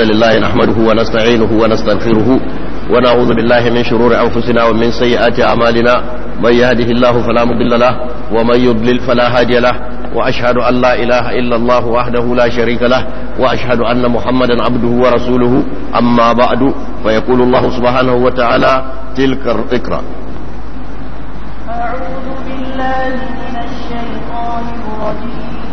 الحمد لله نحمده ونستعينه ونستغفره ونعوذ بالله من شرور أنفسنا ومن سيئات أعمالنا من يهده الله فلا مضل له ومن يضلل فلا هادي له وأشهد أن لا إله إلا الله وحده لا شريك له وأشهد أن محمدا عبده ورسوله أما بعد فيقول الله سبحانه وتعالى تلك الإقرأ أعوذ بالله من الشيطان الرجيم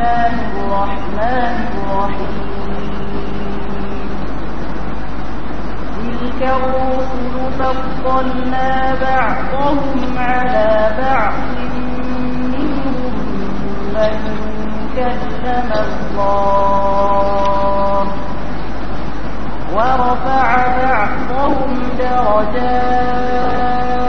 تلك الرسل فضلنا بعضهم على بعض منهم من كلم الله ورفع بعضهم درجات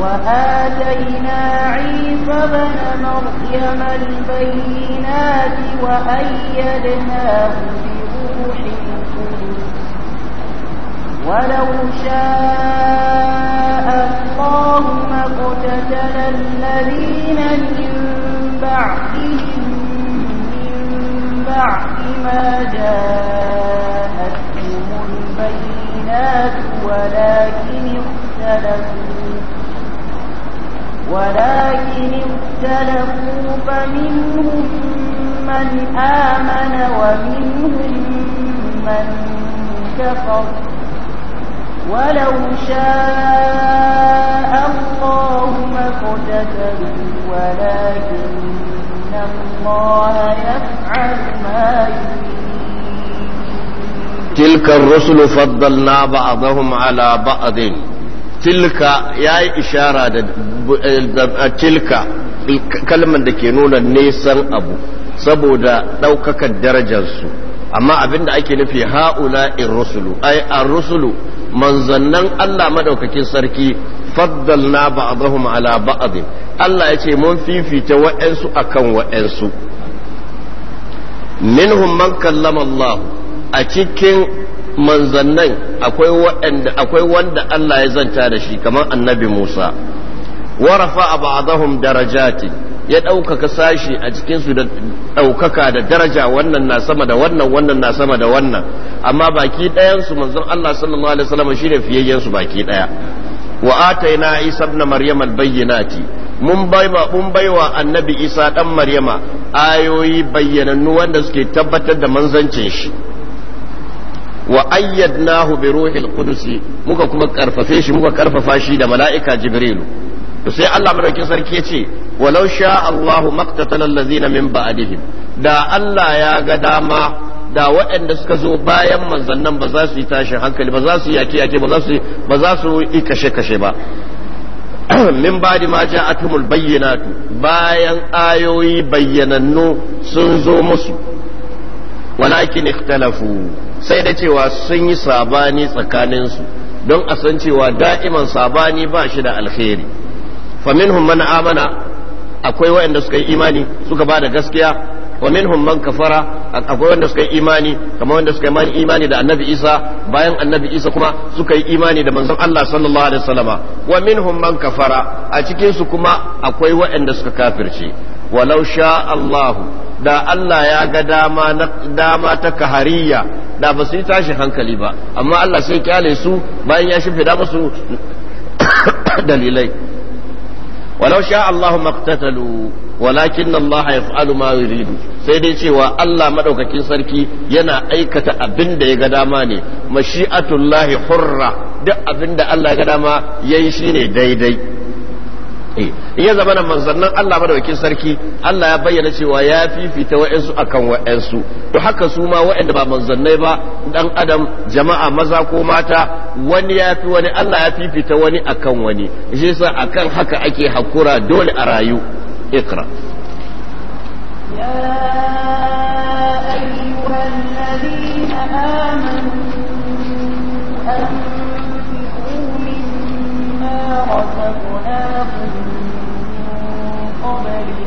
وآتينا عيسى بن مريم البينات وأيدناه بروح ولو شاء الله ما اقتتل الذين من بعدهم من بعد ما جاءتهم البينات ولكن اختلفوا ولكن اختلفوا فمنهم من آمن ومنهم من كفر ولو شاء الله ما اقتتلوا ولكن الله يفعل ما يريد تلك الرسل فضلنا بعضهم على بعض tilka ya yi ishara da tilka kalmar da ke nuna nesan abu saboda ɗaukakar darajarsu amma abin da ake nufi ha'ula in rusulu ai a rusulu manzannan Allah madaukakin sarki faddalna ba'dahum ala ba'd Allah ya ce mun fifita wa'ansu akan wa'ansu minhum man kallama Allah a cikin Manzannin akwai akwai wanda Allah ya zanta da shi kamar annabi Musa wa rafa'a ba'dahum darajati ya ɗaukaka sashi a cikin su da ɗaukaka da daraja wannan na sama da wannan wannan na sama da wannan amma baki ɗayan su manzon Allah sallallahu alaihi wasallam shine fiyayyen su baki ɗaya wa ataina Isa ibn Maryam al-bayyinati mun baiwa mun baiwa annabi Isa dan Maryama ayoyi bayyanannu wanda suke tabbatar da manzancin shi Waayyad ayyadnahu bi ruhil muka kuma karfafe shi muka karfafa shi da mala'ika jibrilu to sai Allah madaukin sarki ya ce walau sha Allahu maqtatala allazina min ba'dihim da Allah ya ga dama da waɗanda suka zo bayan manzannan ba za su yi tashin hankali ba za su yi yake ba za su ba za su yi kashe kashe ba min ba'di ma ja'atumul bayyinatu bayan ayoyi bayyanannu sun zo musu walakin ikhtalafu sai da cewa sun yi sabani tsakaninsu don a san cewa da'iman sabani ba shi da alkhairi faminhum man amana akwai waɗanda suka yi imani suka ba da gaskiya ومنهم man Kafara akwai wanda suka yi imani kamar wanda suka yi imani da annabi isa bayan annabi isa kuma suka yi imani da manzon allah sallallahu alaihi wasallama wa minhum man kafara a cikin su kuma akwai waɗanda suka kafirce walau sha Allahu da Allah ya ga dama dama ta kahariya da ba su yi tashi hankali ba amma Allah sai kyale su bayan ya shi fida musu dalilai walau sha Allahu maqtatalu walakin Allah yaf'alu ma yuridu sai dai cewa Allah madaukakin sarki yana aikata abin da ya ga dama ne mashi'atullahi hurra duk abin da Allah ya ga dama yayi shine daidai Eh, ya zama na manzannin Allah madaukakin sarki Allah ya bayyana cewa ya fifita wa'ansu akan wa'ansu to haka su ma wa'anda ba manzannai ba dan adam jama'a maza ko mata wani ya fi wani Allah ya fifita wani akan wani shi yasa akan haka ake hakura dole a rayu iqra ya amanu من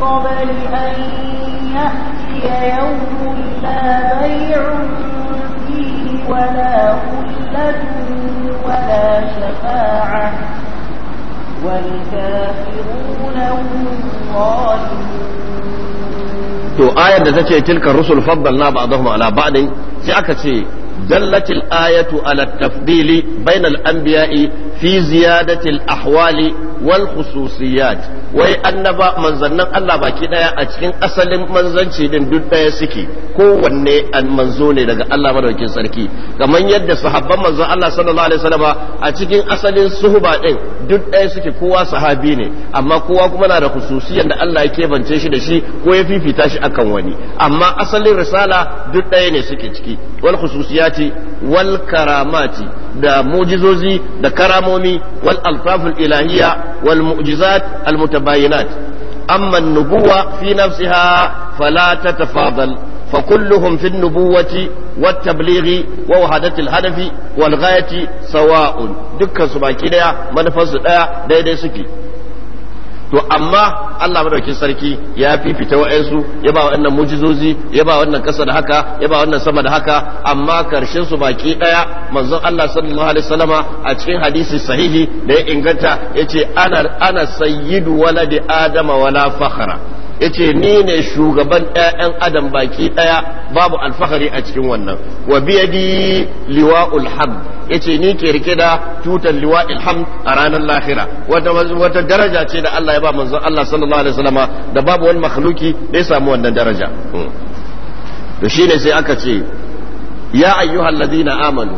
قبل أن يأتي يوم لا بيع فيه ولا خلة ولا شفاعة والكافرون هم الظالمون to ayar da tace tilka rusul faddalna a ala ba'din sai aka ce dallatil ayatu ala tafdili bainal anbiya'i fi ziyadatil ahwali wal khususiyat wai annaba manzannin Allah baki daya a cikin asalin manzanci din duk daya suke kowanne an manzo ne daga Allah madaukakin sarki kamar yadda sahabban manzan Allah sallallahu alaihi wasallam a cikin asalin suhuba din duk daya suke kowa sahabi ne amma kowa kuma na da khususiyan da Allah yake bance shi da shi ko ya fifita shi akan wani amma asalin risala duk daya ne suke ciki wal khususiyati wal karamati da mujizozi da karamomi wal alfaful ilahiya wal mu'jizat al mutabayinat amma an-nubuwa fi nafsiha fala tatafadal فكلهم في النبوة والتبليغ ووحدة الهدف والغاية سواء دكا سباكي ديا منفذ ديا ديا دي سكي to amma Allah madaukin sarki ya fifita wa'ansu ya ba wannan mujizozi ya ba wannan kasa da haka ya ba wannan sama da haka amma karshen su baki daya manzon Allah sallallahu alaihi wasallama a cikin hadisi sahihi da ya inganta yace ana ana sayyidu waladi adama wala fakhra yace ni ne shugaban ɗayan adam baki ɗaya babu alfahari a cikin wannan wa biyadi liwa'ul hamd yace ni ke rike da tutar liwa'il hamd a ranar lahira wata daraja ce da Allah ya ba manzon Allah sallallahu alaihi wasallama da babu wani makhluki da ya samu wannan daraja hmm. to ne sai aka ce ya ayyuhal ladina amanu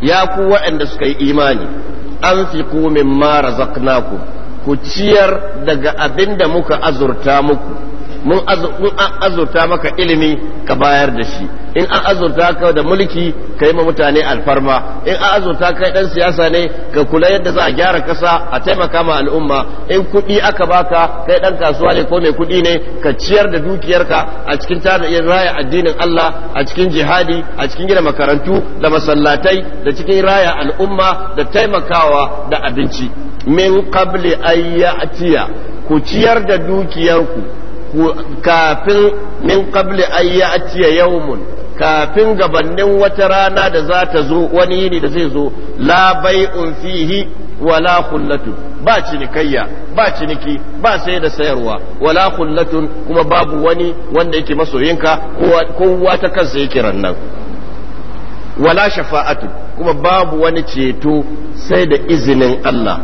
ya ku waɗanda suka yi imani anfiqu mimma razaqnakum ku ciyar daga abin da muka azurta muku mun an azurta maka ilimi ka bayar da shi in an azurta ka da mulki ka yi ma mutane alfarma in an azurta kai dan siyasa ne ka kula yadda za a gyara kasa a taimaka ma al'umma in kuɗi aka baka kai dan kasuwa ne ko mai kuɗi ne ka ciyar da dukiyarka a cikin tarihin raya addinin Allah a cikin jihadi a cikin gina makarantu da masallatai da cikin raya al'umma da taimakawa da abinci min qabli an ya'tiya ku ciyar da dukiyarku kafin min qabli an ya'tiya yawmun kafin gabannin wata rana da za ta zo wani yini da zai zo la bai'un fihi wala khullatu ba cinikayya ba ciniki ba sai da sayarwa wala khullatun kuma babu wani wanda yake masoyinka kowa ta kansa yake rannan wala shafa'atu kuma babu wani ceto sai da izinin Allah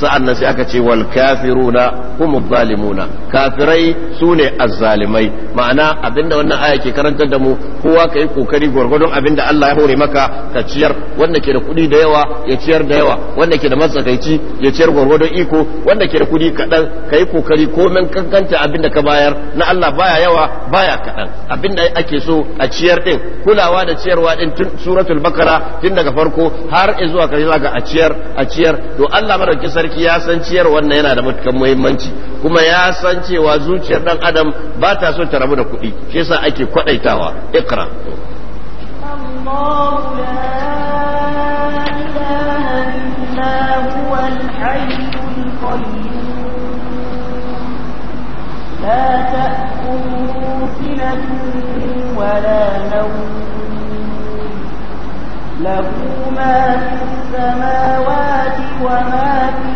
Sa'an na sai aka ce wal kafiruna kuma zalimuna kafirai sune azzalimai ma'ana abinda wannan aya ke karantar da mu kowa kai kokari gwargwadon abinda Allah ya hore maka ka ciyar wanda ke da kuɗi da yawa ya ciyar da yawa wanda ke da matsakaici ya ciyar gwargwadon iko wanda ke da kuɗi kaɗan ka yi kokari komin kankanta abinda ka bayar na Allah baya yawa baya kaɗan abinda ake so a ciyar ɗin kulawa da ciyarwa din tun suratul bakara tun daga farko har zuwa karshe zaka a ciyar a ciyar to Allah madaukakin sarki ya san ciyar wannan yana da matukan muhimmanci kuma ya san cewa zuciyar dan adam ba ta so ta rabu da kuɗi shi yasa ake kwadaitawa iqra لا له ما في السماوات وما في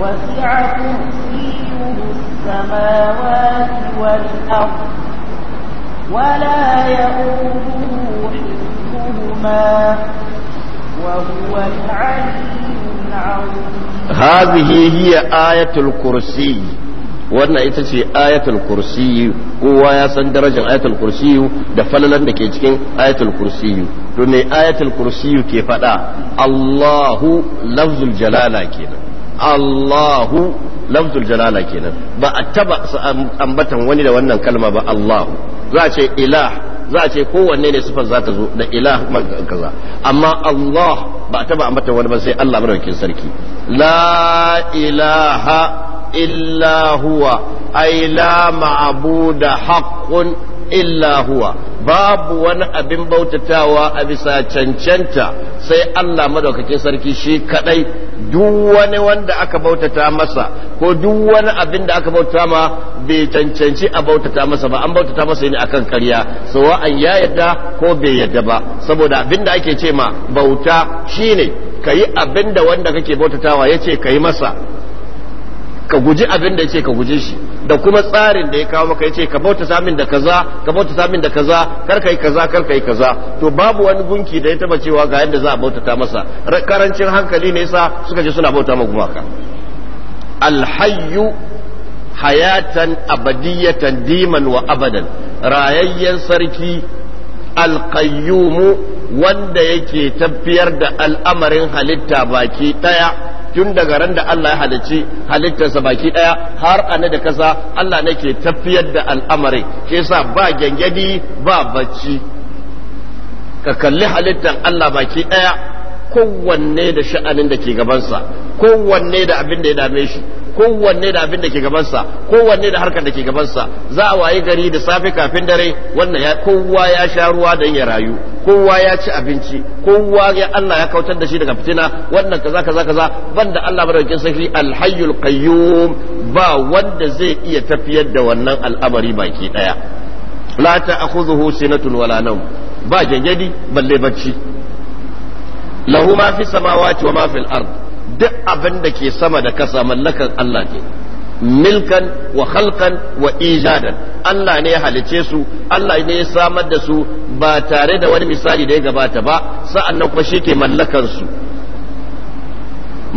وسع كرسيه السماوات والأرض ولا يؤوده حفظهما وهو العلي العظيم هذه هي آية الكرسي wannan ita ce ayatul kursiyu kowa ya san darajar ayatul kursiyu da falalan da ke cikin ayatul kursiyu to me ayatul kursiyu ke faɗa Allahu lafzul jalala kenan Allahu lafzul jalala kenan ba a taba ambatan wani da wannan kalma ba Allahu za a ce ilah za a ce kowanne ne sifar za ta zo da ilah kaza amma Allah ba a taba ambatan wani ba sai Allah madaukakin sarki la ilaha illa huwa ay la ma'budu haqqun illa huwa babu wani abin bautatawa a bisa cancanta sai Allah madaukake sarki shi kadai duk wani wanda aka bautata masa ko duk wani abin da aka bautata ma bai cancanci a bautata masa ba an bautata masa ne akan karya sawa an ya yadda ko bai yadda ba saboda abin da ake ce ma bauta shine kayi abin da wanda kake bautatawa yace yi masa ka guji abin da yace ka guji shi da kuma tsarin da ya kawo maka yace ka bauta samin da kaza ka bauta samin da kaza kar kai kaza kar kai kaza to babu wani gunki da ya taba cewa ga yadda za a bautata masa karancin hankali ne yasa suka je suna bauta ma gumaka alhayyu hayatan abadiyatan diman wa abadan rayayyen sarki alqayyumu wanda yake tafiyar da al'amarin halitta baki daya tun daga ran da Allah ya halicci halittarsa baki daya har ana da kasa Allah ne ke tafiyar da al'amari ke sa ba gyangyadi ba bacci ka kalli halittar Allah baki daya kowanne da sha'anin da ke gabansa kowanne da abin da ya dame shi kowanne da abin da ke gabansa kowanne da harkar da ke gabansa za a wayi gari da safe kafin dare wannan ya kowa ya sha ruwa don ya rayu kowa ya ci abinci kowa ya Allah ya kautar da shi daga fitina wannan kaza kaza kaza banda Allah madaukakin sarki alhayyul qayyum ba wanda zai iya tafiyar da wannan al'amari baki daya la ta'khudhuhu sinatun wala nawm ba jangadi balle bacci lahu ma fi samawati wa ma fil ardh duk abin da ke sama da kasa mallakan Allah ne milkan wa khalqan wa ijadan Allah ne ya halice su Allah ne ya samar da su ba tare da wani misali da ya gabata ba sa'annan kuma ke mallakan su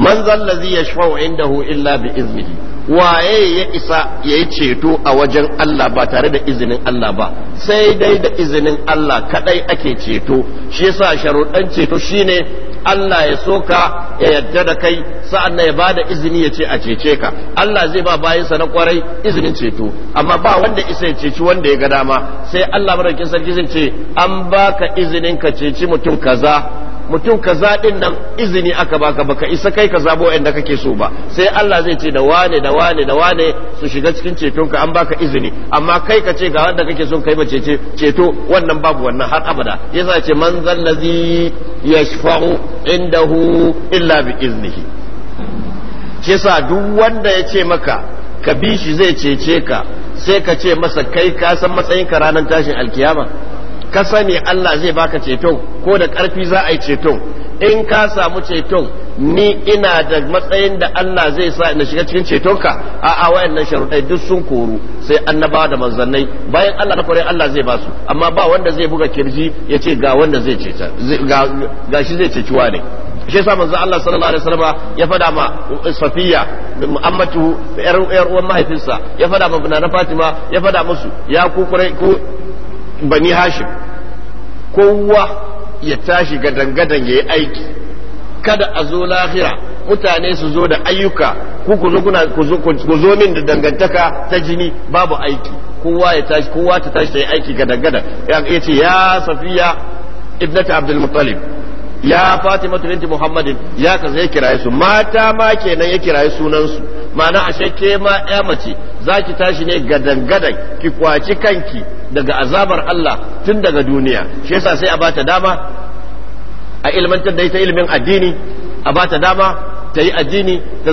man zallazi yashfa'u indahu illa bi iznihi waye ya isa yayi ceto a wajen Allah ba tare da izinin Allah ba sai dai da izinin Allah kadai ake ceto shi yasa sharuɗan ceto shine Allah ya soka ya yarda da kai sa'an ya ba da izini ya ce a cece ka Allah zai ba bayansa na kwarai izinin ceto amma ba wanda isa ya ceci wanda ya ga dama sai Allah madaukakin sarki zai ce an baka izinin ka ceci mutum kaza mutum kaza din nan izini aka baka baka isa kai ka zabo inda kake so ba sai Allah zai ce da wane da wane da wane su shiga cikin ceton ka an baka izini amma kai ka ce ga wanda kake so kai ba cece ceto wannan babu wannan har abada yasa ce man zallazi yashfa'u indahu illa bi iznihi ce sa duk wanda ya ce maka ka bi shi zai cece ka sai ka ce masa kai ka san ka ranar tashin alkiyama ka sani Allah zai baka ceton ko da ƙarfi za a yi ceton in ka samu ceton ni ina da matsayin da Allah zai sa na shiga cikin cetonka a a wayannan sharuɗai duk sun koru sai annabawa da manzannai bayan Allah na kwarai Allah zai basu amma ba wanda zai buga kirji ya ce ga wanda zai cece ga shi zai ceci ne shi yasa manzo Allah sallallahu alaihi wasallam ya fada ma Safiya ammatu yar uwan mahaifinsa ya fada ma Fatima ya fada musu ya ku ku bani hashim kowa ya tashi gadangadan ya yi aiki kada a zo lahira mutane su zo da ayyuka ku ku zo min da dangantaka ta jini babu aiki kowa ya tashi kowa ta tashi ta yi aiki gadangadan ya ce ya safiya ibnata abdul muttalib ya fatima binti muhammadin ya kaza ya kiraye su mata ma kenan ya kiraye sunan su ma'ana ashe ke ma ya mace zaki tashi ne gadan gadan ki kwaci kanki daga azabar Allah tun daga duniya shi yasa sai a bata dama a ilmantar da ita ilimin addini a bata dama ta yi addini ta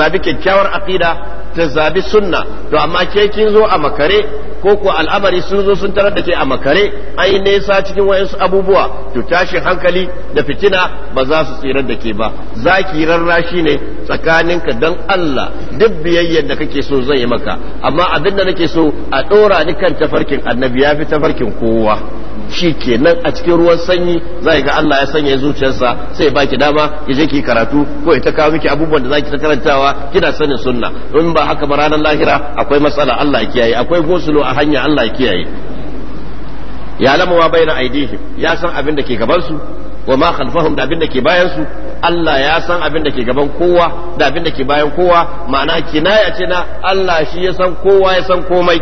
zabi kyakkyawar aqida ta zabi sunna to amma ke kin zo a makare ko kuwa al'amari sun zo sun tarar da ke a makare ai nesa cikin wayansu abubuwa to tashin hankali da fitina ba za su tsirar da ke ba za ki rarrashi ne tsakaninka dan Allah duk biyayyar da kake so zai maka amma abin da nake so a ɗora ni kan tafarkin annabi ya fi tafarkin kowa shi kenan a cikin ruwan sanyi za ga Allah ya sanya zuciyarsa sai ba ki dama ya je ki karatu ko ya ta kawo miki abubuwan da za ki ta karantawa kina sanin sunna in ba haka ba ranar lahira akwai matsala Allah ya kiyaye akwai gosulo a hanya Allah ya kiyaye ya lama ma bayan aidihim ya san abin da ke gaban su wa ma khalfahum da abin da ke bayan su Allah ya san abin da ke gaban kowa da abin da ke bayan kowa ma'ana kinaya ce na Allah shi ya san kowa ya san komai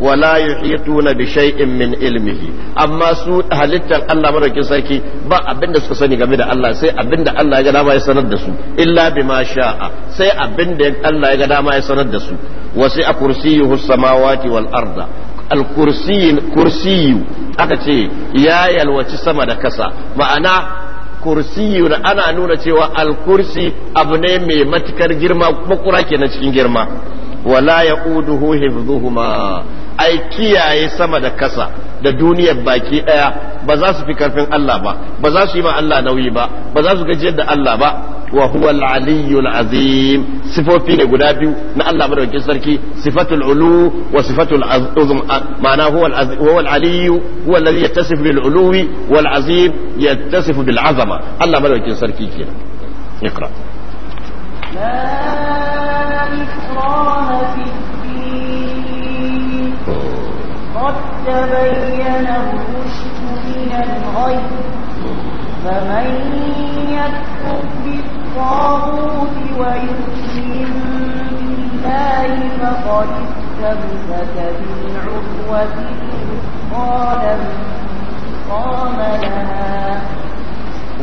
wala yuhituna bi shay'in min ilmihi amma su halittar Allah madaukin sarki ba abinda suka sani game da Allah sai abinda Allah ya ga dama ya sanar da su illa bima sha'a sai abinda Allah ya ga dama ya sanar da su wasi a kursiyuhu samawati wal arda Alkursiyin kursiyu aka ce ya yalwaci sama da kasa ma'ana kursiyu ana nuna cewa alkursi abu ne mai matukar girma makura kenan cikin girma wala ya uduhu hifzuhuma Allah kiyaye sama da kasa da duniyar baki daya ba za su fi karfin Allah ba ba za su yi ma Allah nauyi ba ba za su gajiyar da Allah ba wa huwa al-aliyyul azim sifofi ne guda biyu na Allah madaukakin sarki sifatul ulu wa sifatul azim ma'ana huwa al-aliyyu huwa alladhi yattasifu bil uluwi wal azim yattasifu bil azama Allah madaukakin sarki kenan iqra لا إكراه في قد تبين الرشد من الغي فمن يكفر بالطاغوت ويؤمن بالله فقد استمسك بالعروة قال قام لها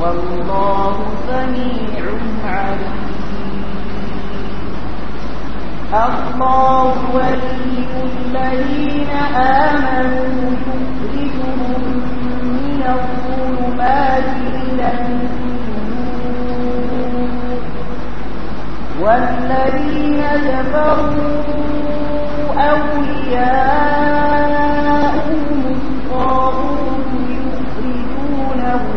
والله سميع عليم الله ولي الذين آمنوا يخرجهم من الظلمات إلى النور والذين كفروا أولياء الطاغوت يخرجونهم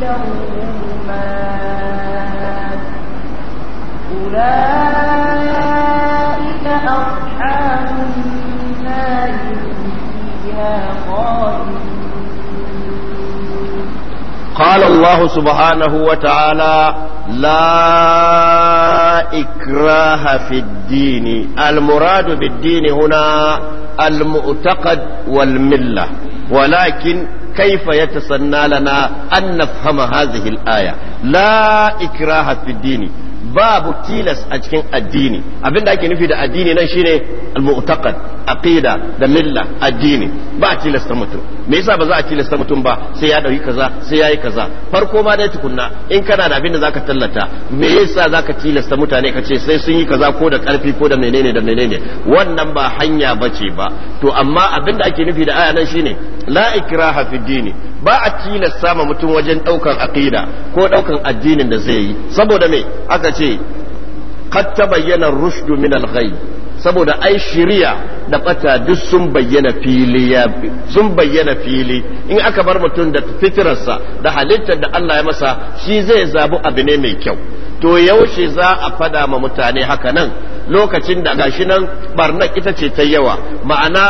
إلى النور أولئك أصحاب النار فيها قال الله سبحانه وتعالى لا إكراه في الدين المراد بالدين هنا المعتقد والملة ولكن كيف يتسنى لنا أن نفهم هذه الآية لا إكراه في الدين babu tilas a cikin addini abin da ake nufi da addini nan shine al-mu'taqad aqida da milla addini ba tilasta mutum me yasa ba za a tilasta mutum ba sai ya dauki kaza sai yayi kaza farko ma dai tukunna in kana da abin da zaka tallata me yasa zaka tilasta mutane ka ce sai sun yi kaza ko da karfi ko da menene da menene wannan ba hanya bace ba to amma abin da ake nufi da aya nan shine la ikraha fi dini ba a tilasta ma mutum wajen ɗaukan aqida ko ɗaukan addinin da zai yi saboda me aka ce qad tabayyana ar-rushdu min al-ghayb saboda ai shiriya da bata duk sun bayyana fili ya sun bayyana fili in aka bar mutum da fitirarsa da halittar da Allah ya masa shi zai zabu abu ne mai kyau to yaushe za a fada ma mutane haka nan lokacin da gashi nan barnar ita ce ta yawa ma'ana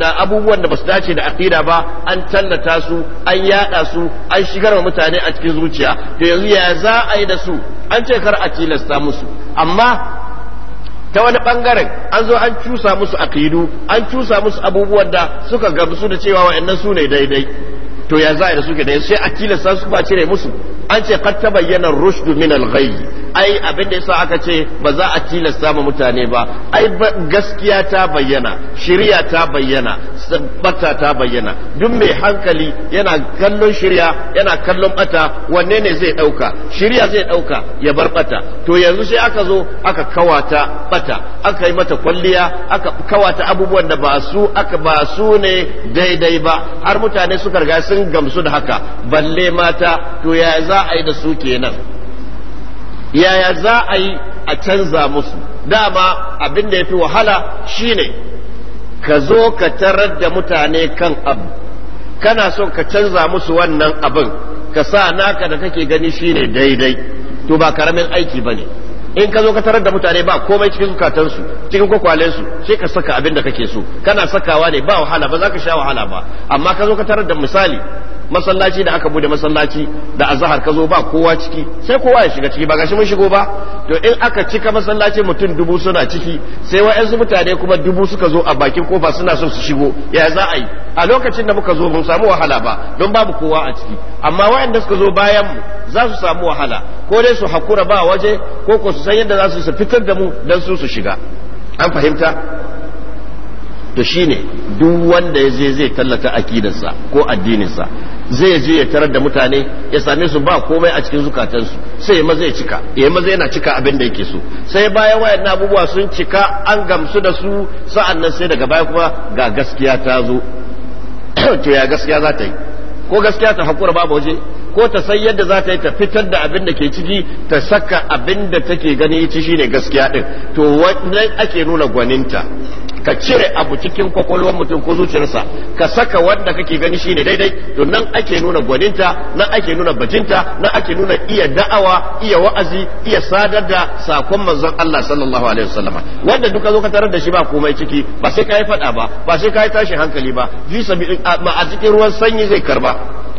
da abubuwan da basu dace da aqida ba an tallata su an yada su an shigar ma mutane a cikin zuciya to yanzu ya za a yi da su an ce kar a tilasta musu amma ta wani bangaren an zo an cusa musu akidu an cusa musu abubuwan da suka gamsu da cewa wa'annan su ne daidai to ya za da suke da sai a tilasta su ba cire musu an ce kad ta rushdu min al-ghayy ai abin da yasa aka ce ba za a tilasta ma mutane ba ai gaskiya ta bayyana shiriya ta bayyana bata ta bayyana duk mai hankali yana kallon shiriya yana kallon bata wanne ne zai dauka shiriya zai dauka ya bar bata to yanzu sai aka zo aka kawata bata aka yi mata kwalliya aka kawata abubuwan da ba su aka ba su ne daidai ba har mutane suka riga sun gamsu da haka balle mata to ya za a yi da su kenan yaya za a yi a canza musu dama abin da ya fi wahala shine ka zo ka tarar da mutane kan abu kana so ka canza musu wannan abin ka sa naka da kake gani shine daidai to ba karamin aiki ba ne in ka zo ka tarar da mutane ba komai cikin zukatansu cikin kwakwalensu sai ka saka abin da kake so kana sakawa ne ba wahala ba za ka sha wahala ba amma ka zo ka tarar da misali masallaci da aka bude masallaci da azahar ka zo ba kowa ciki sai kowa ya shiga ciki ba gashi mun shigo ba to in aka cika masallaci mutum dubu suna ciki sai wa'yansu mutane kuma dubu suka zo a bakin kofa suna son su shigo ya za a yi a lokacin da muka zo mun samu wahala ba don babu kowa a ciki amma waɗanda suka zo bayan mu za su samu wahala ko dai su hakura ba waje ko ko su san yadda za su fitar da mu don su su shiga an fahimta to shine duk wanda ya je zai tallata akidarsa ko addininsa zai je ya tarar da mutane ya same su ba komai a cikin zukatansu sai ya maza ya cika ya maza yana cika abin da yake so sai bayan wayan abubuwa sun cika an gamsu da su sa'an nan sai daga baya kuma ga gaskiya ta zo to ya gaskiya za ta yi ko gaskiya ta hakura babu waje ko ta san yadda za ta yi ta fitar da abin da ke ciki ta saka abin da take gani ita shine gaskiya din to wannan ake nuna gwaninta ka cire abu cikin kwakwalwar mutum ko zuciyarsa ka saka wanda kake gani shine daidai to nan ake nuna gwaninta nan ake nuna bajinta nan ake nuna iya da'awa iya wa'azi iya sadar da sakon manzon Allah sallallahu alaihi wasallam wanda duka zo ka tarar da shi ba komai ciki ba sai ka fada ba ba sai ka yi tashin hankali ba fi sabi a cikin ruwan sanyi zai karba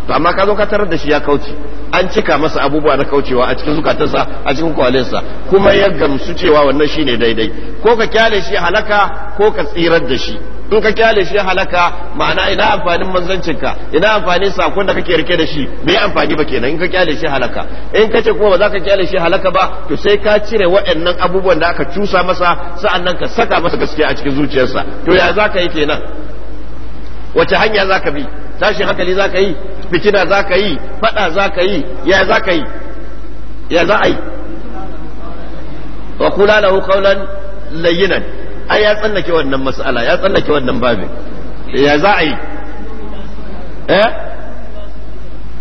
to amma ka zo ka tarar da shi ya kauce an cika masa abubuwa na kaucewa a cikin zukatansa a cikin kwalinsa kuma ya gamsu cewa wannan shi ne daidai ko ka kyale shi halaka ko ka tsirar da shi in ka kyale shi halaka ma'ana ina amfanin manzancinka ina amfanin sakon da kake rike da shi bai amfani ba kenan in ka kyale shi halaka in ka ce kuma ba za ka kyale shi halaka ba to sai ka cire waɗannan abubuwan da aka cusa masa sa'annan ka saka masa gaskiya a cikin zuciyarsa to ya za ka yi kenan wace hanya za ka bi tashin hankali za ka yi fitina za ka yi fada za ka yi ya za ka yi ya za a yi wa kula da hukaunan layinan ai ya tsallake wannan mas'ala ya tsallake wannan babin ya za a yi eh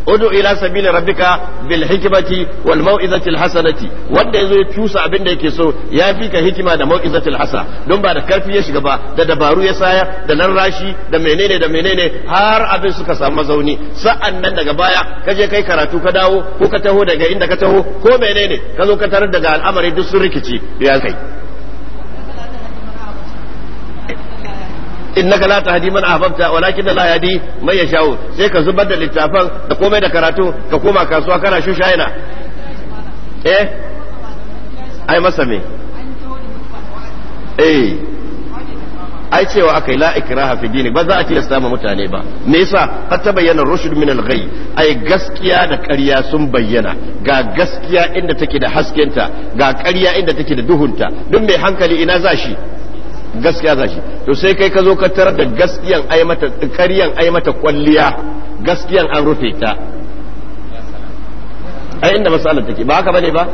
udu ila sabili rabbika bil hikmati wal mau'izati hasanati wanda yazo ya cusa abin da yake so ya fi ka hikima da mau'izati hasa don ba da karfi ya shiga ba da dabaru ya saya da nan rashi da menene da menene har abin suka samu mazauni sa'an nan daga baya ka je kai karatu ka dawo ko ka taho daga inda ka taho ko menene ka zo ka tarar daga al'amari duk sun rikici ya kai innaka la tahdi man ahbabta walakin la yahdi man yashau sai ka zubar da littafan da komai da karatu ka koma kasuwa kana ina eh ai masa me eh ai cewa akai la ikraha fi dini ba za a tilasta ma mutane ba me yasa har ta bayyana rushd min al ghay ai gaskiya da ƙarya sun bayyana ga gaskiya inda take da haskenta ga ƙarya inda take da duhunta duk mai hankali ina zashi. gaskiya za shi to sai kai ka zo ka tarar da gaskiyan ai mata ƙaryan ai mata kwalliya gaskiyan an rufe ta ai inda masalar take ba haka bane ba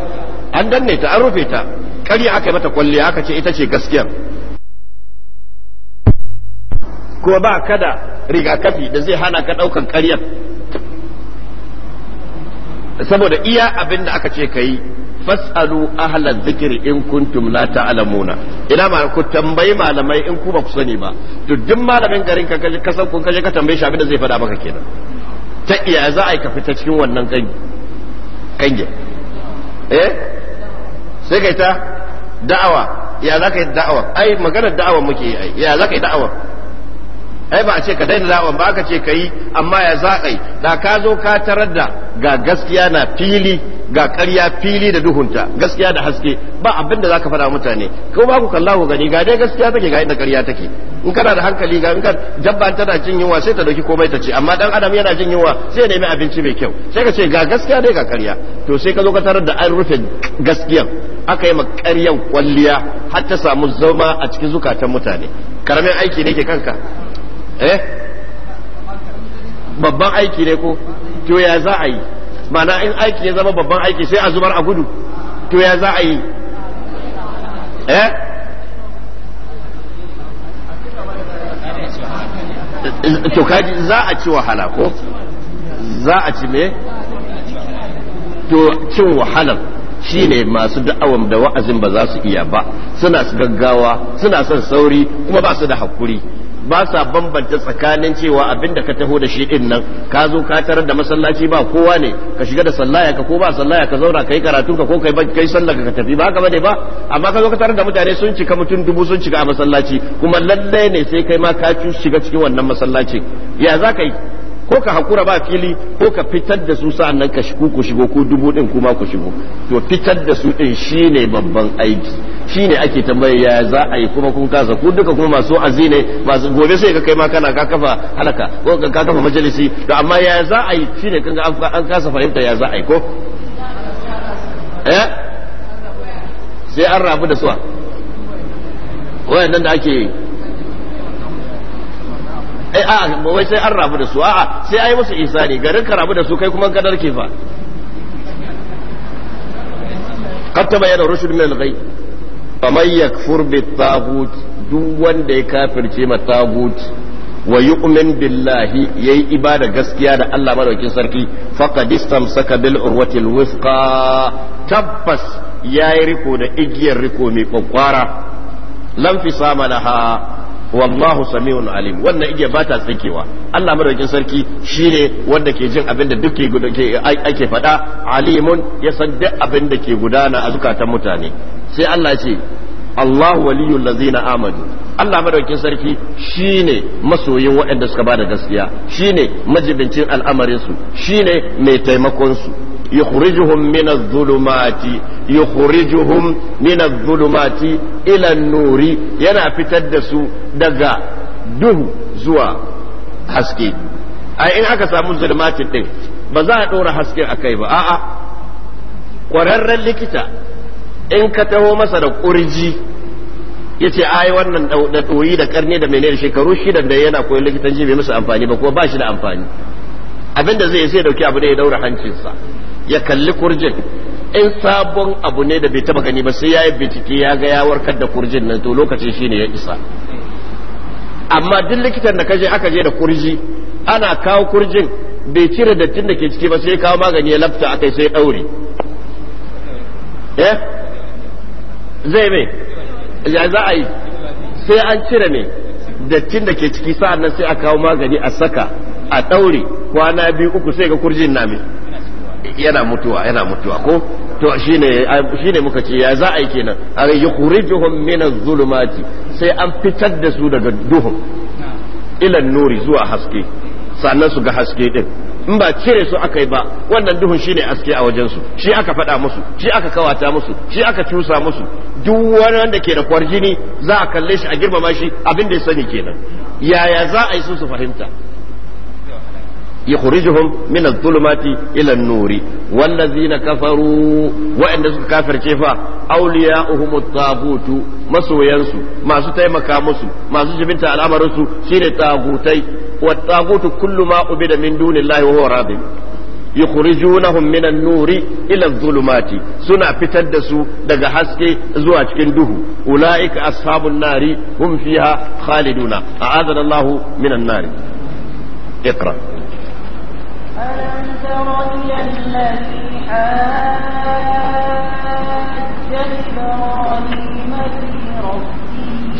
an danne ta an rufe ta ƙarya aka mata kwalliya aka ce ita ce gaskiya. ko ba kada rigakafi da zai hana ka daukan ƙaryar saboda iya abin da aka ce ka yi fasalu ahla zikri in kuntum la ta'lamuna ina ma ku tambayi malamai in ku ba ku sani ba to duk malamin garin ka kaje kasan kun kaje ka tambaye shi abin da zai faɗa maka kenan ta iya za a yi ka fita cikin wannan kangi kangi eh sai kai ta da'awa ya za ka yi da'awa ai magana da'awa muke yi ya za ka yi da'awa ai ba a ce ka daina da'awan ba aka ce ka yi amma ya zaƙai da ka zo ka tarar da ga gaskiya na fili ga ƙarya fili da duhunta gaskiya da haske ba abin da ka faɗa mutane ko ba ku kalla ku gani ga dai gaskiya take ga inda ƙarya take in kana da hankali ga in ka dabba tana jin yunwa sai ta dauki komai ta ce amma dan adam yana jin yunwa sai ya nemi abinci mai kyau sai ka ce ga gaskiya dai ga ƙarya to sai ka zo ka tarar da an rufe gaskiya aka yi ƙaryan kwalliya har ta samu zama a cikin zukatan mutane karamin aiki ne ke kanka eh babban aiki ne ko to ya za a yi mana in aiki ya zama babban aiki sai a zubar a gudu to ya za a yi eh to kaji za a ci wahala ko za a ci me to cin wahalar shine masu da'awam da wa'azin ba za su iya ba suna su gaggawa suna son sauri kuma ba su da haƙuri. ba sa bambanta tsakanin cewa abin da ka taho da shi din nan ka zo ka tarar da masallaci ba kowa ne ka shiga da sallaya ka ko ba sallaya ka zauna kai karatu ka ko kai kai sallaka ka tafi ba haka bane ba amma ka zo ka tarar da mutane sun cika mutum dubu sun cika a masallaci kuma lallai ne sai kai ma ka shiga cikin wannan masallaci ya za ka yi ko ka hakura ba fili ko ka fitar da su sa'an nan ka shigo ku shigo ko dubu din kuma ku shigo to fitar da su din shine babban aiki shine ake tambaye ya za a yi kuma kun kasa ku duka kuma masu azi ne masu gobe sai ka kai ma kana ka kafa halaka ko ka kafa majalisi to amma ya za a yi shine kanga an kasa fahimta ya za a yi ko eh sai an rabu da suwa wayannan da ake ai eh, a wai sai an rabu da su a'a sai ai musu isani garin ka rabu da su kai kuma kadar ke fa qad tabayyana rushd min al-ghayb faman yakfur bit tagut duk wanda ya kafirce ma tagut wa yu'min billahi yayi ibada gaskiya da Allah madaukin sarki faqad istamsaka bil urwati al-wifqa tabbas yayi riko da igiyar riko mai kwakwara lam fi wallahu sami'un alim wannan igiya ba ta tsakewa Allah madaukin sarki shine wanda ke jin abin da duk ke ake faɗa alimun ya san duk abin da ke gudana a zukatan mutane sai Allah ce Allah waliyul ladzina amanu Allah madaukin sarki shine masoyin waɗanda suka bada gaskiya shine majibincin al'amarin su shine mai taimakon su يخرجهم من الظلمات يخرجهم من الظلمات إلى النور fitar da su daga duhu zuwa haske a in aka samu zulmatin din ba za a ɗora haske a kai ba a'a ƙwararren likita in ka taho masa da ƙurji ya ce ai wannan da ɗoyi da ƙarni da menene shekaru shidan da yana koyon likitanci bai masa amfani ba ko ba shi da amfani abinda zai yi sai dauki abu da ya daura hancinsa ya kalli kurjin in sabon abu ne da bai taba gani ba sai ya yi bincike ya ga ya warkar da kurjin nan to lokacin shine ya isa amma duk likitan da kaje aka je da kurji ana kawo kurjin bai cire dattin da ke ciki ba sai kawo magani ya lafta akai sai daure eh zai me ya za a yi sai an cire ne dattin da ke ciki sa'annan nan sai a kawo magani a saka a daure kwana biyu uku sai ga kurjin na me yana mutuwa yana mutuwa ko to shine shine muka ce ya za a yi kenan ar yukhrijuhum min az-zulumati sai an fitar da su daga duhu. ila nuri zuwa haske sannan su ga haske din in ba cire su aka yi ba wannan duhun shine aske a wajen su shi aka faɗa musu shi aka kawata musu shi aka cusa musu duk wani wanda ke da kwarjini za a kalle shi a girmama shi abin da ya sani kenan yaya za a yi su su fahimta yukhrijuhum mina zulumati dhulumati nuri. an-nur suka kafirce fa awliya'uhum at masoyansu masu taimaka musu masu jibinta al'amarinsu shine tagutai wa kullu ma ubida min dunillahi wa huwa radin yukhrijunahum suna fitar da su daga haske zuwa cikin duhu ulaiika ashabun nari hum khaliduna a'adana ألم تر إلى الذي حاج إبراهيم في ربي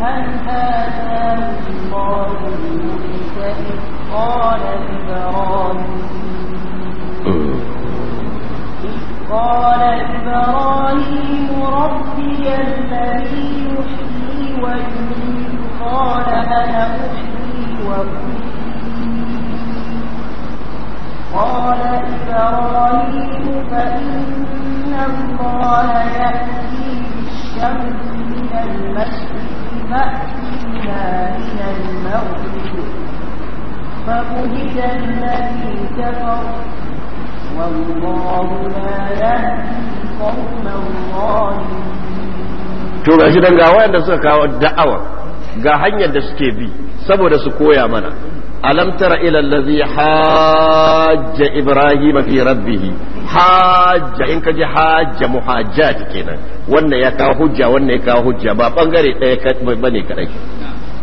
أن آتاه الله الملك إذ قال إبراهيم قال إبراهيم ربي الذي يحيي ويميت قال أنا أحيي وأميت قال إبراهيم فإن الله يأتي بالشمس من المشرق من المغرب فبهت الذي كفر والله لا يهدي القوم الظالمين to ga shi don ga wayanda suka kawo da'awa ga hanyar da suke bi saboda su koya mana alam tara ila allazi hajja ibrahim fi in hajja in kaje hajja muhajjat kenan wannan ya kawo hujja wannan ya kawo hujja ba bangare ɗaya bane kadai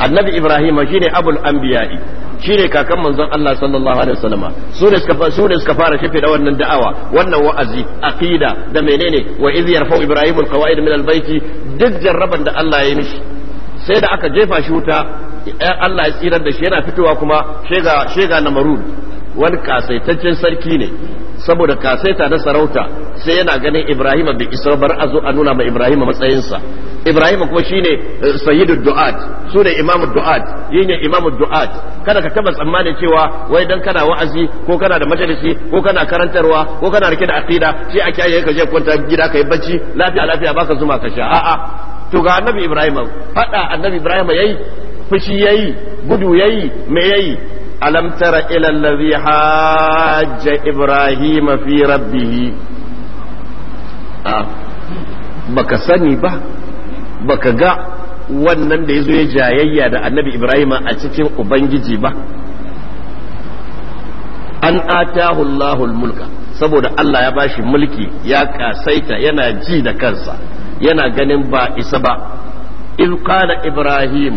annabi ibrahim shine abul anbiya'i shine kakan manzon Allah sallallahu alaihi wasallam su suka su suka fara shafe da wannan da'awa wannan wa'azi aqida da menene wa iz yarfa'u ibrahim alqawaid min albayti duk jarraban da Allah ya yi mishi sai da aka jefa shi wuta Allah ya tsirar da shi yana fitowa kuma shega shega na marud wani kasaitaccen sarki ne saboda kasaita na sarauta sai yana ganin Ibrahim bai isa bar a zo a nuna ma Ibrahim matsayinsa Ibrahim kuma shine eh, Sayyidu du'at sune imamu du'at yin imamu du'at kada ka taba tsammanin cewa wai dan kana wa'azi ko kana da majalisi ko kana karantarwa ko kana rike da aqida sai a kiyaye ka je kwanta gida kai bacci lafiya lafiya baka zuma ka sha a'a to ga annabi ibrahim fada annabi ibrahim yayi fushi yayi gudu yayi me yayi alam tara ila allazi hajja ibrahim fi rabbih baka sani ba baka ga wannan da yazo ya jayayya da annabi ibrahim a cikin ubangiji ba an atahu allahul mulka saboda allah ya bashi mulki ya kasaita yana ji da kansa yana ganin ba isa ba in qala ibrahim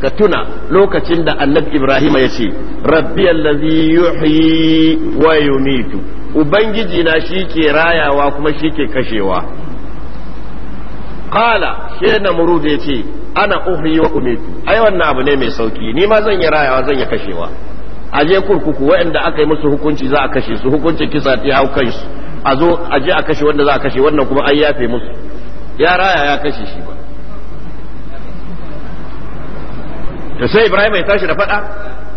ka tuna lokacin da annabi ibrahim ya ce rabbi allazi yuhyi wa yumitu ubangiji na shi ke rayawa kuma shi ke kashewa qala she namrud ya ce ana uhyi wa umitu ai wannan abu ne mai sauki ni ma zan yi rayawa zan yi kashewa a je kurkuku waɗanda aka yi musu hukunci za a kashe su hukuncin kisa ta hau kansu a zo a je a kashe wanda za a kashe wannan kuma ai yafe musu ya raya ya kashe shi ba da sai ibrahim ya tashi da fada